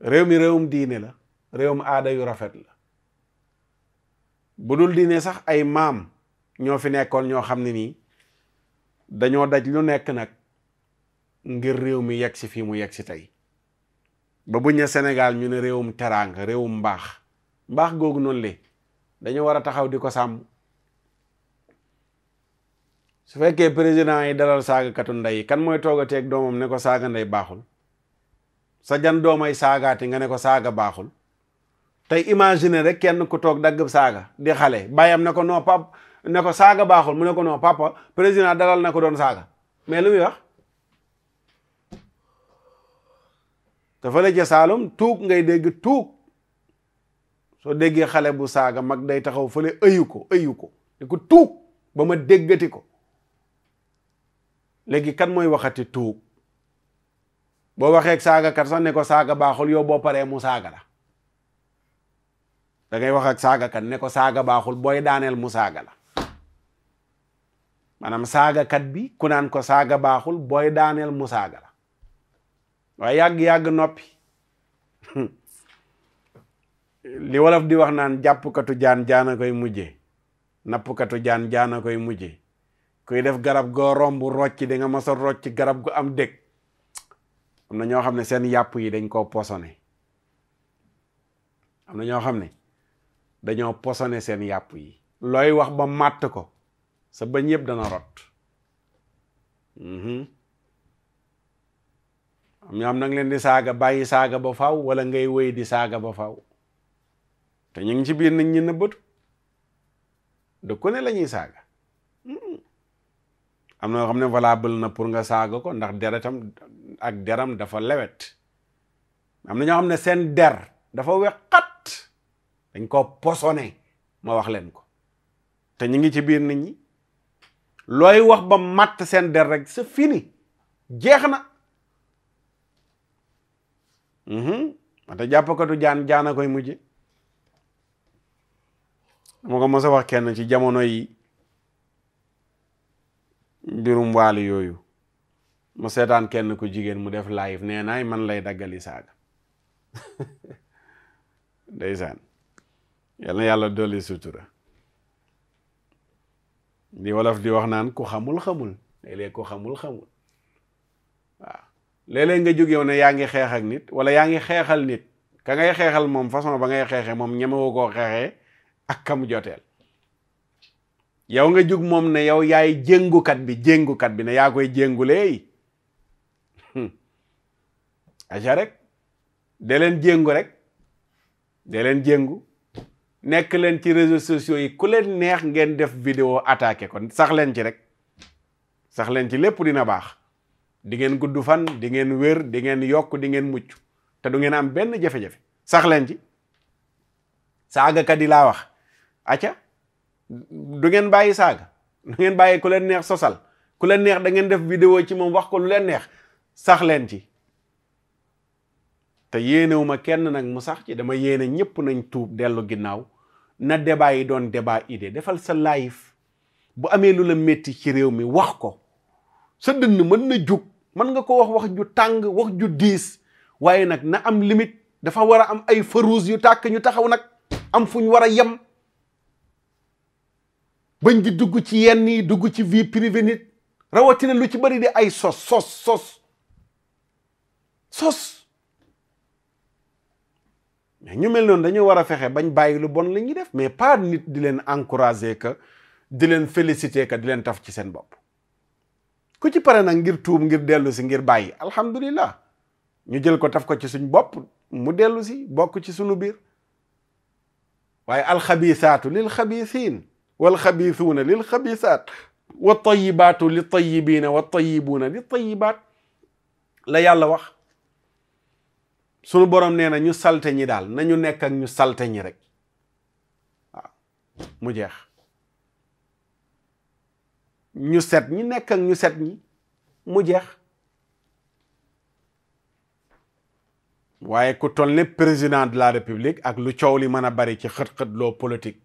réew mi réewum diine la réewum aada yu rafet la bu dul diine sax ay maam ñoo fi nekkoon ñoo xam ne nii dañoo daj lu nekk nag ngir réew mi yegg si fii mu yegg si tey ba buñ ne senegal ñu ne réewum teraanga réewum mbaax mbaax googu noonu le dañu war a taxaw di ko sàmm su fekkee président yi dalal saagakatu ndey kan mooy toog a toogateeg doomam ne ko saaga ndey baaxul sa jan doomay saagaati nga ne ko saaga baaxul tey imagine rek kenn ku toog dagg saaga di xale bàyyam ne ko non pap ne ko saaga baaxul mu ne ko non papa président dalal na ko doon saaga mais lu te fële ca Saalum tuug ngay dégg tuug soo déggee xale bu saaga mag day taxaw fële ayu ko ayu ko di ko tuug ba ma déggati ko léegi kan mooy waxati tuug boo waxee saaga kat sax ne ko saaga baaxul yow boo paree mu saaga la dangay ngay wax saaga kat ne ko saaga baaxul booy daaneel mu saaga la maanaam kat bi ku naan ko saaga baaxul booy daaneel mu saaga la waaye yàgg-yàgg noppi li wolof di wax naan jàppkatu jaan jaana koy mujje nappukatu jaan jaana koy mujje kuy def garab goo romb rocci di nga mas a rocci garab gu am dég am na ñoo xam ne seen yàpp yi dañ koo posone am na ñoo xam ne dañoo posone seen yàpp yi looy wax ba màtt ko sa bëñ yëpp dana rot mhm. ñoo am na leen di saaga bàyyi saaga ba faw wala ngay wéy di saaga ba faw te ñu ngi ci biir nit ñi nëbbatu de ku la ñuy saaga hmm. am na yoo xam ne valable na pour nga saaga ko ndax deretam ak deram dafa lewet am na xam ne seen der dafa weqat dañ ko posone ma wax leen ko te ñu ngi ci biir nit ñi looy wax ba matt seen der rek c'est fini jeex na wante mm-hmm. jàppkatu jaan jaana koy mujje dama ko mos a wax kenn ci jamono yi mbirum waali yooyu ma seetaan kenn ku jigéen mu def live nee naay man lay daggali saaga ndeysaan yal na yàlla dolli sutura di wolof di wax naan ku xamul xamul léeg-léeg ku xamul xamul waaw léeg-léeg nga jóg yow ne yaa ngi xeex ak nit wala yaa ngi xeexal nit ka ngay xeexal moom façon ba ngay xeexee moom ñemewoo koo xeexee ak kamu joteel yow nga jug moom ne yow yaay jëngukat bi jéngukat bi ne yaa koy jénguleey hmm. aja rek de leen jéngu rek de leen jéngu nekk leen ci réseaux sociaux yi ku leen neex ngeen def vidéo attaqué ko sax leen ci rek sax leen ci lépp dina baax di ngeen gudd fan di ngeen wér di ngeen yokk di ngeen mucc te du ngeen am benn jafe-jafe sax leen ci saagakat yi laa wax acca du ngeen bàyyi saaga du ngeen bàyyi ku leen neex sosal ku leen neex da ngeen def vidéo ci moom wax ko lu leen neex sax leen ci te yéenewuma kenn nag mu sax ci dama yéene ñëpp nañ tuub dellu ginnaaw na débat yi doon débat idée defal sa live bu amee lu la metti ci réew mi wax ko sa dënn mën na jug mën nga ko wax wax ju tàng wax ju diis waaye nag na am limite dafa war a am ay faruus yu tàkk ñu taxaw nag am fu ñu war a yem bañ di dugg ci yenn yi dugg ci vie privée nit rawatina lu ci bari di ay sos sos sos sos mais ñu mel noonu dañoo war a fexe bañ bàyyi lu bon la ñuy def mais pas nit di leen encourager que di leen féliciter que di leen taf ci seen bopp ku ci pare nag ngir tuub ngir dellu si ngir bàyyi alhamdulillah ñu jël ko taf ko ci suñ bopp mu dellu si bokk ci sunu biir waaye alxabisaatu lil xabisiin walxabisuuna lil xabisaat wa tayibaatu li tayibiina wa tayibuuna li tayibaat la yàlla wax sunu borom nee na ñu salte ñi daal nañu nekk ak ñu salte ñi rek waaw mu jeex ñu set ñi nekk ñu set ñi mu jeex waaye ku toll ne président de la république ak lu coow li mën a bari ci xët-xët loo politique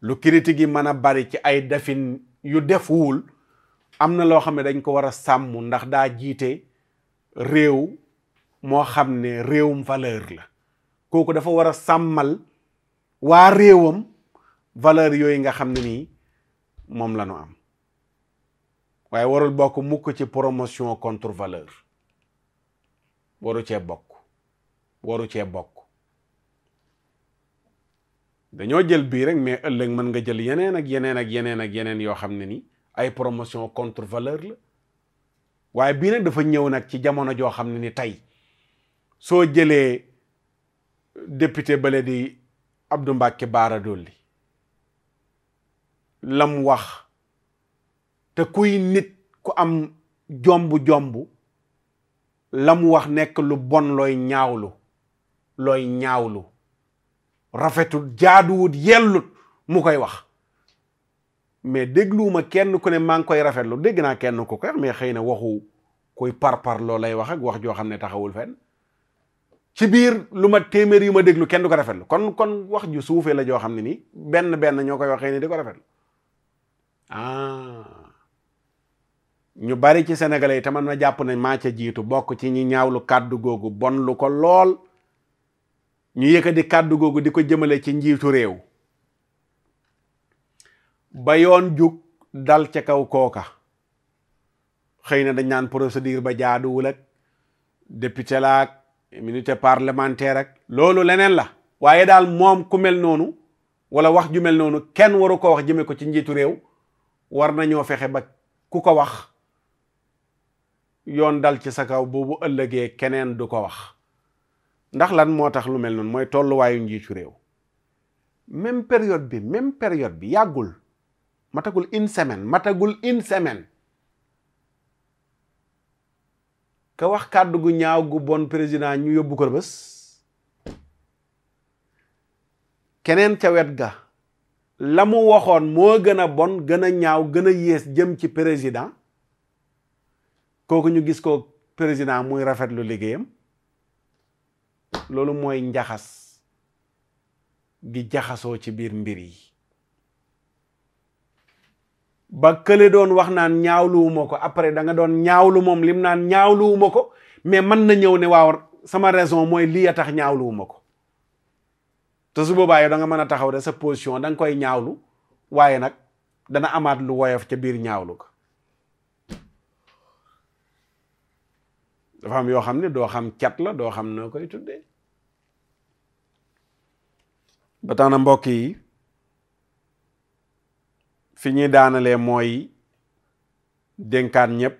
lu critique gi mën a bari ci ay defin yu def wul am na loo xam ne dañ ko war a sàmm ndax daa jiite réew moo xam ne réewum valeur la kooku dafa war a sàmmal waa réewam valeur yooyu nga xam ni nii moom la ñu am waaye warul bokk mukk ci promotion contre valeur waru cee bokk waru cee bokk dañoo jël bii rek mais ëllëg mën nga jël yeneen ak yeneen ak yeneen ak yeneen yoo xam ne ni ay promotion contre valeur la waaye bii nag dafa ñëw nag ci jamono joo xam ne ni tey soo jëlee député bale di Abdou Mbacke Baara Dolli lam wax te kuy nit ku am jomb-jomb la mu wax nekk lu bon looy ñaawlu looy ñaawlu rafetul jaaduwut yellut mu koy wax mais dégluwuma kenn ku ne maa ngi koy rafetlu dégg naa kenn ku koy wax mais xëy na waxu kuy par loo lay wax ak wax joo xam ne taxawul fenn ci biir lu ma téeméer yu ma déglu kenn ko rafetlu kon kon wax ju suufee la joo xam ne nii benn benn ñoo koy waxee ni di ko rafetlu ah. ñu bari ci sénégalais yi te man ma jàpp ne maa ca jiitu bokk ci ñi ñaawlu kàddu googu bon lu ko lool ñu yëkkati kàddu googu di ko jëmale ci njiitu réew ba yoon jug dal ca kaw kooka xëy na dañ naan procédure ba jaaduwul ak député la ak immunité parlementaire ak loolu leneen la waaye daal moom ku mel noonu wala wax ju mel noonu kenn waru ko wax jëme ko ci njiitu réew war nañoo fexe ba ku ko wax yoon dal ci sa kaw boobu ëllëgee keneen du ko wax ndax lan moo tax lu mel noonu mooy tolluwaayu njiitu réew même période bi même période bi yàggul matagul une semaine matagul une semaine ka wax kàddu gu ñaaw gu bon président ñu yóbbu ko bés keneen ca wet ga la mu waxoon moo gën a bon gën a ñaaw gën a yées jëm ci président kooku ñu gis ko président muy rafetlu liggéeyam loolu mooy njaxas gi jaxasoo ci biir mbir yi ba kële doon wax naan ñaawluwuma ko après da nga doon ñaawlu moom lim naan ñaawluwuma ko mais mën na ñëw ne waaw sama raison mooy lii a tax ñaawluwuma ko te su boobaa yow da nga mën a taxaw de sa position da koy ñaawlu waaye nag dana amaat lu woyof ca biir ñaawlu ko dafa yoo xam ne doo xam cat la doo xam noo koy tuddee ba tax na mbokk yi fi ñuy daanalee mooy dénkaat ñëpp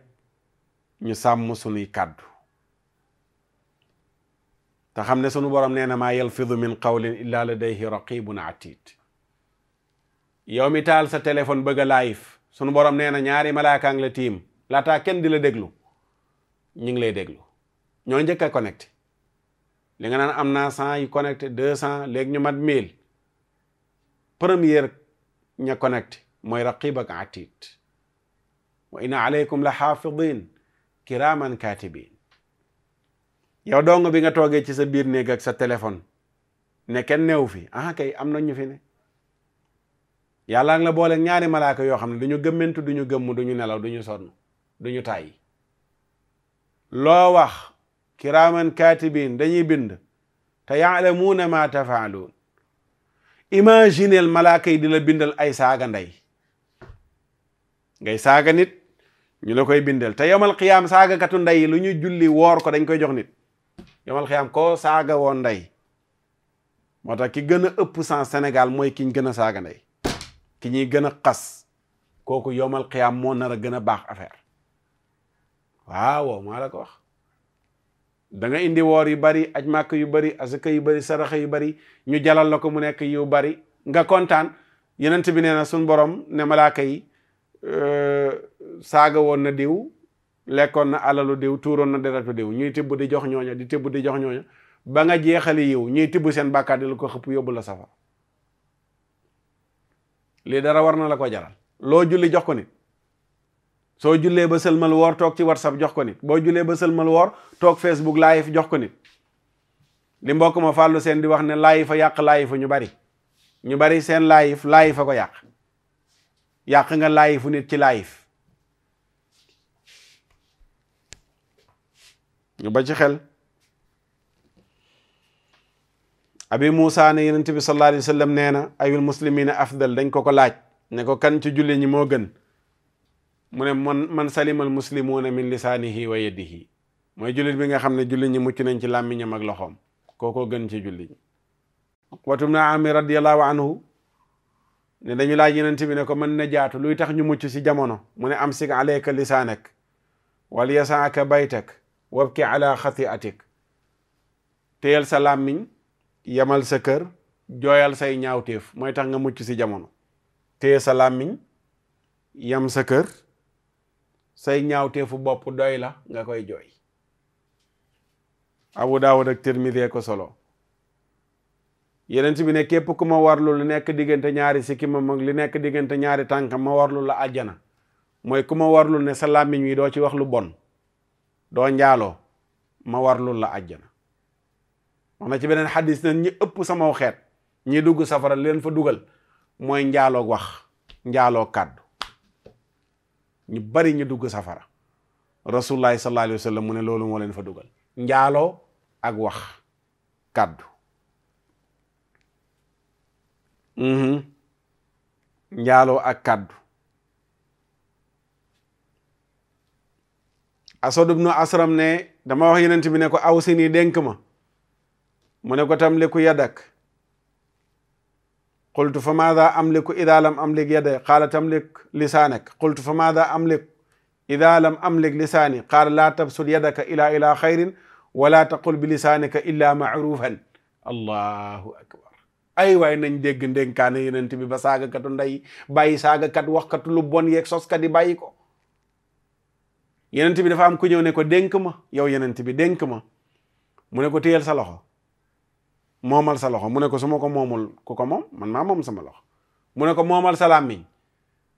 ñu sàmm sunuy kàddu te xam ne sunu borom nee na maa yalfidu min qawlin illa ladayhi raqibun atid yow mi taal sa téléphone bëgg a sunu borom nee na ñaari malaakaang la tiim laataa kenn di la déglu ñu ngi lay déglu ñoo njëkk a li nga naan am naa cent yu connecté deux cent léegi ñu mat mille première ña connecté mooy raqib ak atid wa inna aleykum la xaafidin kiraman katibin yow dong bi nga toogee ci sa biir néeg ak sa téléphone ne kenn neew fi ah kay am na ñu fi ne yàlla ngi la boole ñaari malaaka yoo xam ne du ñu gëmmentu du ñu gëmm du ñu nelaw du ñu sonn du ñu tàyyi loo wax kiraaman kaatibin dañuy bind te yaalamuuna ma tafaaluun imaginel malaaka yi di la bindal ay saaga ndey ngay saaga nit ñu la koy bindal te yomal xiyaam saagakatu ndey lu ñu julli woor ko dañ koy jox nit yomal xiyaam ko saaga woon ndey moo tax ki gën ëpp sans Sénégal mooy ki ñu gën a saaga ndey ki ñuy gën a xas kooku yomal xiyaam moo nar a gën a baax affaire waaw maa la ko wax danga indi woor yu bari aj màkk yu bari asaka yu bari saraxa yu bari ñu jalal la ko mu nekk yu bari nga kontaan yenent bi nee na suñ borom ne malaaka yi euh, saaga woon na diw lekkoon na alalu diw tuuroon na deretu diw ñuy tibb di jox ñooña di tibb di jox ñooña ba nga jeexali yiw ñuy tibb seen bàkkaar di la ko xëpp yóbbu la safara lii dara war na la ko jaral loo julli jox ko nit soo jullee ba sëlmal woor toog ci whatsapp jox ko nit boo jullee ba sëlmal woor toog facebook live jox ko nit li mbokk ma fàllu seen di wax ne live yàq live fa ñu bari ñu bari seen live live ko yàq yàq nga live nit ci live ñu ba ci xel abi Moussa na yonent bi sallallahu alayhi wa sallam nee na ayul muslimina afdal dañ ko ko laaj ne ko kan ci julli ñi moo gën mu ne man man salimal muslimuuna min lisaanihi wa yadihi mooy jullit bi nga xam ne jullit ñi mucc nañ ci làmmiñam ak loxoom koo koo gën ci jullit ñi watum na ami radiallahu anhu ne dañu laaj yenent bi ne ko mën na jaatu luy tax ñu mucc si jamono mu ne am sik aleyka lisaanak wal yasaaka baytak wabki sa làmmiñ yamal sa kër jooyal say ñaawteef mooy tax nga mucc si jamono téye sa làmmiñ yam sa kër say ñaawteefu bopp doy la nga koy jooy abu daawud ak ko solo yeneen si bi ne képp ku ma warlu lu nekk diggante ñaari sikkimam ak li nekk diggante ñaari tànkam ma warlu la àjjana mooy ku ma warlu ne sa làmmiñ wi doo ci wax lu bon doo njaaloo ma warlu la àjjana wax na ci beneen xadis na ñi ëpp sama xeet ñi dugg safara leen fa dugal mooy njaaloog wax njaaloo kàddu ñu bari ñu dugg safara rasulullahi sallallahu alayhi wa sallam mu ne loolu moo leen fa dugal njaaloo ak wax kàddu mhm. njaaloo ak kàddu asad ibnu asram ne dama wax yenent bi ne ko aw si nii ma mu ne ko tam liku yadak qultu fa maada amliku ida lam amlik yaday qaala tamlik lisaanak qultu fa maada amlik ida lam amlik lisaani qaala laa tabsut yadaka ila ila xayrin wala taqul bi lisaanika illa maarufan allahu akbar ay waay nañ dégg ndénkaane yenent bi ba saagakatu ndey bàyyi saagakat waxkatu lu bon yeeg soskat yi bàyyi ko yenent bi dafa am ku ñëw ne ko dénk ma yow yenent bi dénk ma mu ne ko téyel sa loxo moomal sa loxo mu ne ko suma ko moomul ku ko moom man maa moom sama loxo mu ne ko moomal sa làmmiñ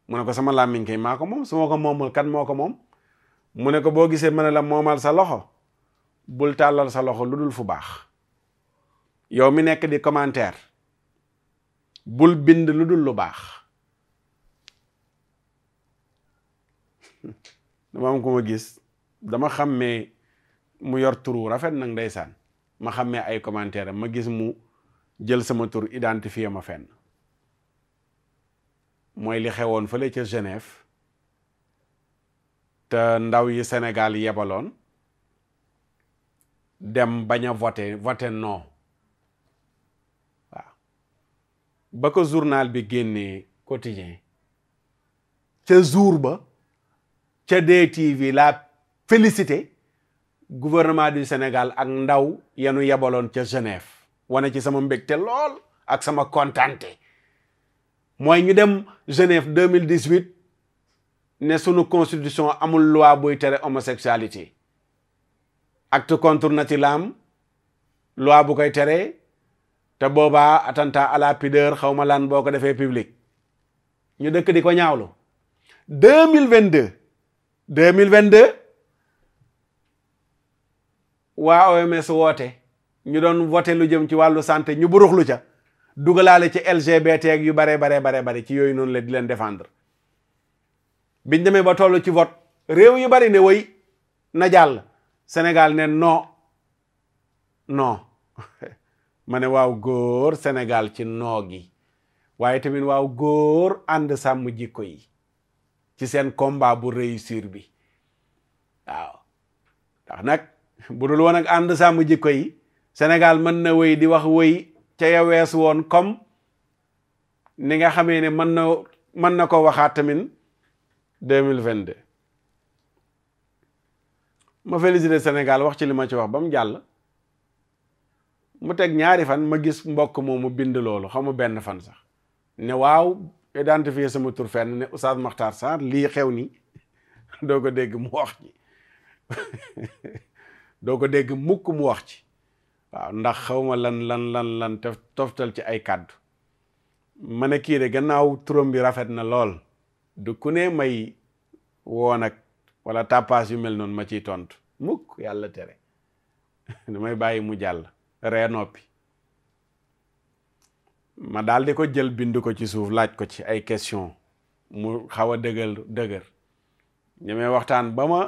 mu ne ko sama làmmiñ kay maa ko moom su ma ko moomul kan moo ko moom mu ne ko boo gisee ma ne la moomal sa loxo bul tàllal sa loxo lu dul fu baax yow mi nekk di commentaire bul bind lu dul lu baax dama am ko gis dama xam ne mu yor tur turu rafet nag ndeysaan ma xàmmee ay commentaire ma gis mu jël sama tur identifié ma fenn mooy li xewoon fële ca Genève te ndaw yi senegal yebaloon dem baña a voté voté non ba ko journal bi génnee quotidien ca jour ba ca DTV laa félicité gouvernement du Sénégal ak ndaw yanu yebaloon ca Genève wane ci sama mbégte lool ak sama kontante mooy ñu dem Genève 2018 ne sunu constitution amul loi buy tere homosexualité acte contre nature am loi bu koy tere te boobaa attentat à la pudeur xaw ma laan boo ko defee public ñu dëkk di ko ñaawlu vingt 2022 waa OMS woote ñu doon voté lu jëm ci wàllu santé ñu buruxlu ca dugalaale ci LGBT ak yu bare bare bare bare ci yooyu noonu la di leen défendre biñ demee ba toll ci vote réew yu bari ne way na jàll Sénégal ne non non ma ne waaw góor senegal ci noo gi waaye tamit waaw góor ànd sàmm jikko yi ci seen combat bu réussir bi waaw ndax nag bu dul woon ak ànd sàmm jikko yi senegal mën na wéy di wax woy ca wees woon comme ni nga xamee ne mën na mën na ko waxaat tamit deux mille vingt deux ma félicité senegal wax ci li ma ci wax ba mu jàll mu teg ñaari fan ma gis mbokk mu bind loolu xaw benn fan sax ne waaw identifier sama tur fenn ne Oustaz Makhtar Sarr lii xew nii doo ko dégg mu wax ji doo ko dégg mukk mu wax ci waaw ndax xawma lan lan lan lan toftal ci ay kàddu ma ne kii gannaaw turam bi rafet na lool du ku ne may woo nag wala tappaas yu mel noonu ma ciy tontu mukk yàlla tere damay bàyyi mu jàll ree noppi ma daal di ko jël bind ko ci suuf laaj ko ci ay question mu xaw a dëgër dëgër ñemee waxtaan ba ma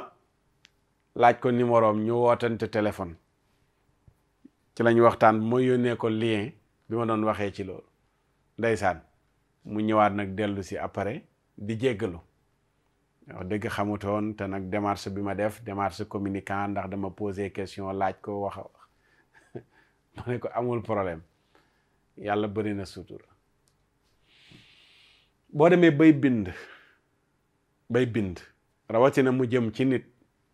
laaj ko numéroom ñu wootante téléphone ci la ñu waxtaan mooy yónnee ko lien bi ma doon waxee ci loolu ndeysaan mu ñëwaat nag dellu si après di jéggalu wax dëgg xamutoon te nag démarche bi ma def démarche communicant ndax dama posé question laaj ko wax ma ne ko amul problème yàlla bëri na sutura boo demee bay bind bay bind rawatina mu jëm ci nit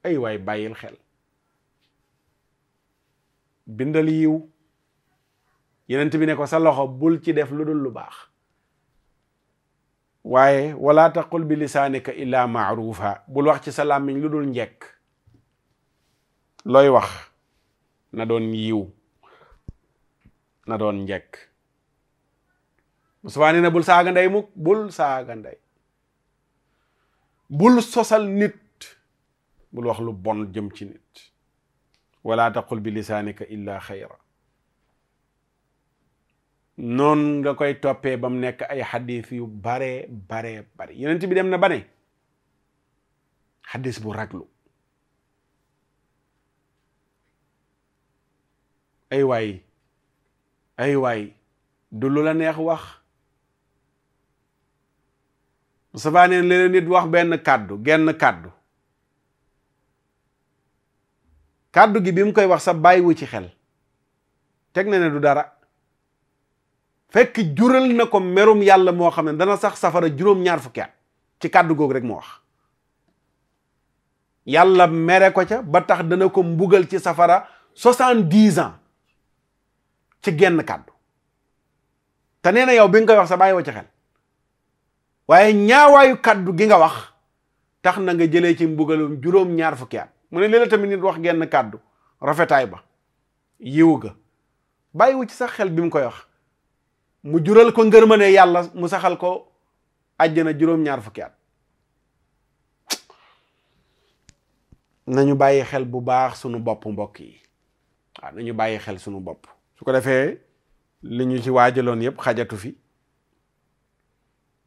ay waay bàyyil xel bindal yiw yenent bi ne ko sa loxo bul ci def lu dul lu baax waaye wala taqul bi lisaanika illa maarufa bul wax ci sa làmmiñ lu dul njekk looy wax na doon yiw na doon njekk Musaa nee na bul saaga ndey mukk bul saaga ndey bul sosal nit bul wax lu bon jëm ci nit wala taqul bi lisaanika illa xayra noonu nga koy toppee ba mu nekk ay xadis yu baree baree bare yenent bi dem na ba ne xadis bu raglu ay waay ay waay du lu la neex wax Mustafaa neen léeg nit wax benn kàddu genn kàddu kàddu gi bi mu koy wax sa bàyyiwu ci xel teg na ne du dara fekk jural na ko merum yàlla moo xam ne dana sax safara juróom-ñaar fukki at ci kàddu googu rek mu wax yàlla mere ko ca ba tax dana ko mbugal ci safara soixante-dix ans ci genn kàddu te nee na yow bi nga koy wax sa bàyyiwu ci xel waaye ñaawaayu kàddu gi nga wax tax na nga jëlee ci mbugalum juróom-ñaar fukki at mu ne leen léeg tamit nit wax genn kàddu rafetaay ba yiw ga bàyyiwu ci sax xel bi mu koy wax mu jural ko ngërmane yàlla mu saxal ko àjjana juróom-ñaar fukki at nañu bàyyi xel bu baax sunu bopp mbokk yi waaw nañu bàyyi xel sunu bopp su ko defee li ñu ci waajaloon yépp xajatu fi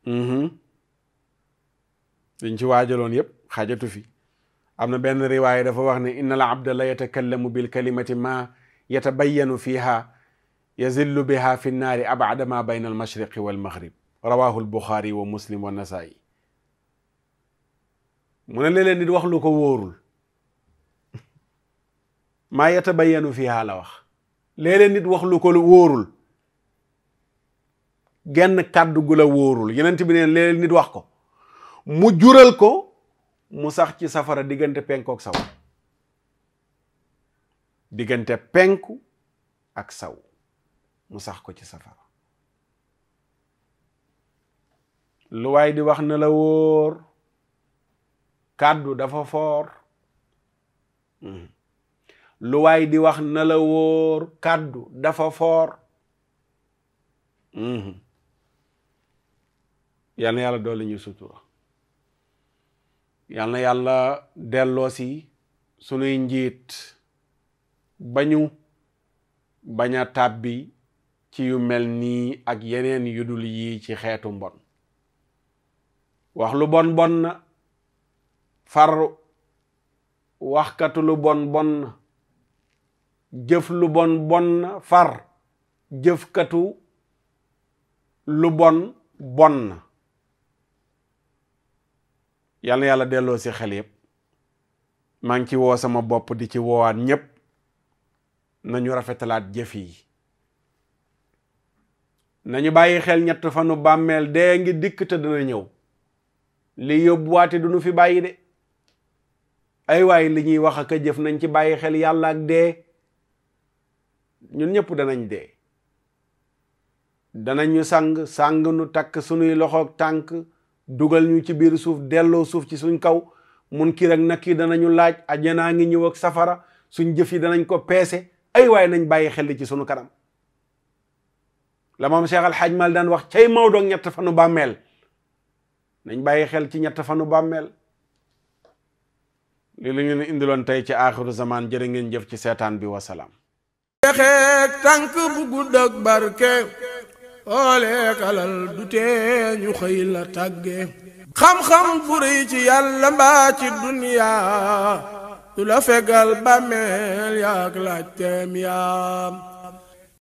mhm. li ñu ci waajaloon yépp xajatu fi am na benn riwaaya dafa wax ne inna al abda la yatakallamu bil kalimati ma yatabayyanu fiha yazillu biha fi nnaari abada ma bayna al mashriqi wal maghrib rawahu al buxaari wa muslim wa nasaa'i mu ne léeg nit wax lu ko wóorul maa yatabayyanu fiha la wax léeg-léeg nit wax lu wóorul genn kàddu gu wóorul yeneen bi neen wax ko mu jural ko mu sax ci safara diggante penkook saw diggante penku ak saw mu sax ko ci safara lu waay di wax na la wóor kàddu dafa foor hmm. lu waay di wax na la wóor kàddu dafa foor mm. yàlla doole ñu sutura yal yàlla delloosi si sunuy njiit bañu bañ tàbbi ci yu mel nii ak yeneen yu dul yii ci xeetu mbon wax lu bon bon na far waxkatu lu bon bon na jëf lu bon bon na far jëfkatu lu bon bon na yal yàlla delloo si xel yëpp maa ngi ci woo sama bopp di ci woowaat ñëpp ñu rafetalaat jëf yi nañu bàyyi xel ñett fanu bàmmeel dee ngi dikk te dana ñëw li yóbbuwaate du nu fi bàyyi de ay waay li ñuy wax ak jëf nañ ci bàyyi xel yàlla ak dee ñun ñëpp danañ dee ñu sang sang nu takk sunuy loxoog tànk dugal ñu ci biir suuf delloo suuf ci suñ kaw mun kii ak nakki danañu laaj a ajanaa ngi ñëw ak safara suñ jëf yi danañ ko peese ay waaye nañ bàyyi xel ci suñu kanam la moom Cheikh Al Hadj daan wax cay Maodo ñett fanu bàmmeel nañ bàyyi xel ci ñett fanu bàmmeel li la ngeen indiloon tey ci aaxiru zaman jërë ngeen jëf ci seetaan bi wasalaam. texeeg tànk bu gudd barke. ooleekalal du tee ñu xëy la tàgge xam-xam bu rëy ci yàlla mbaa ci duniyaa du la fegal bàmmeel yaak laaj teem yaam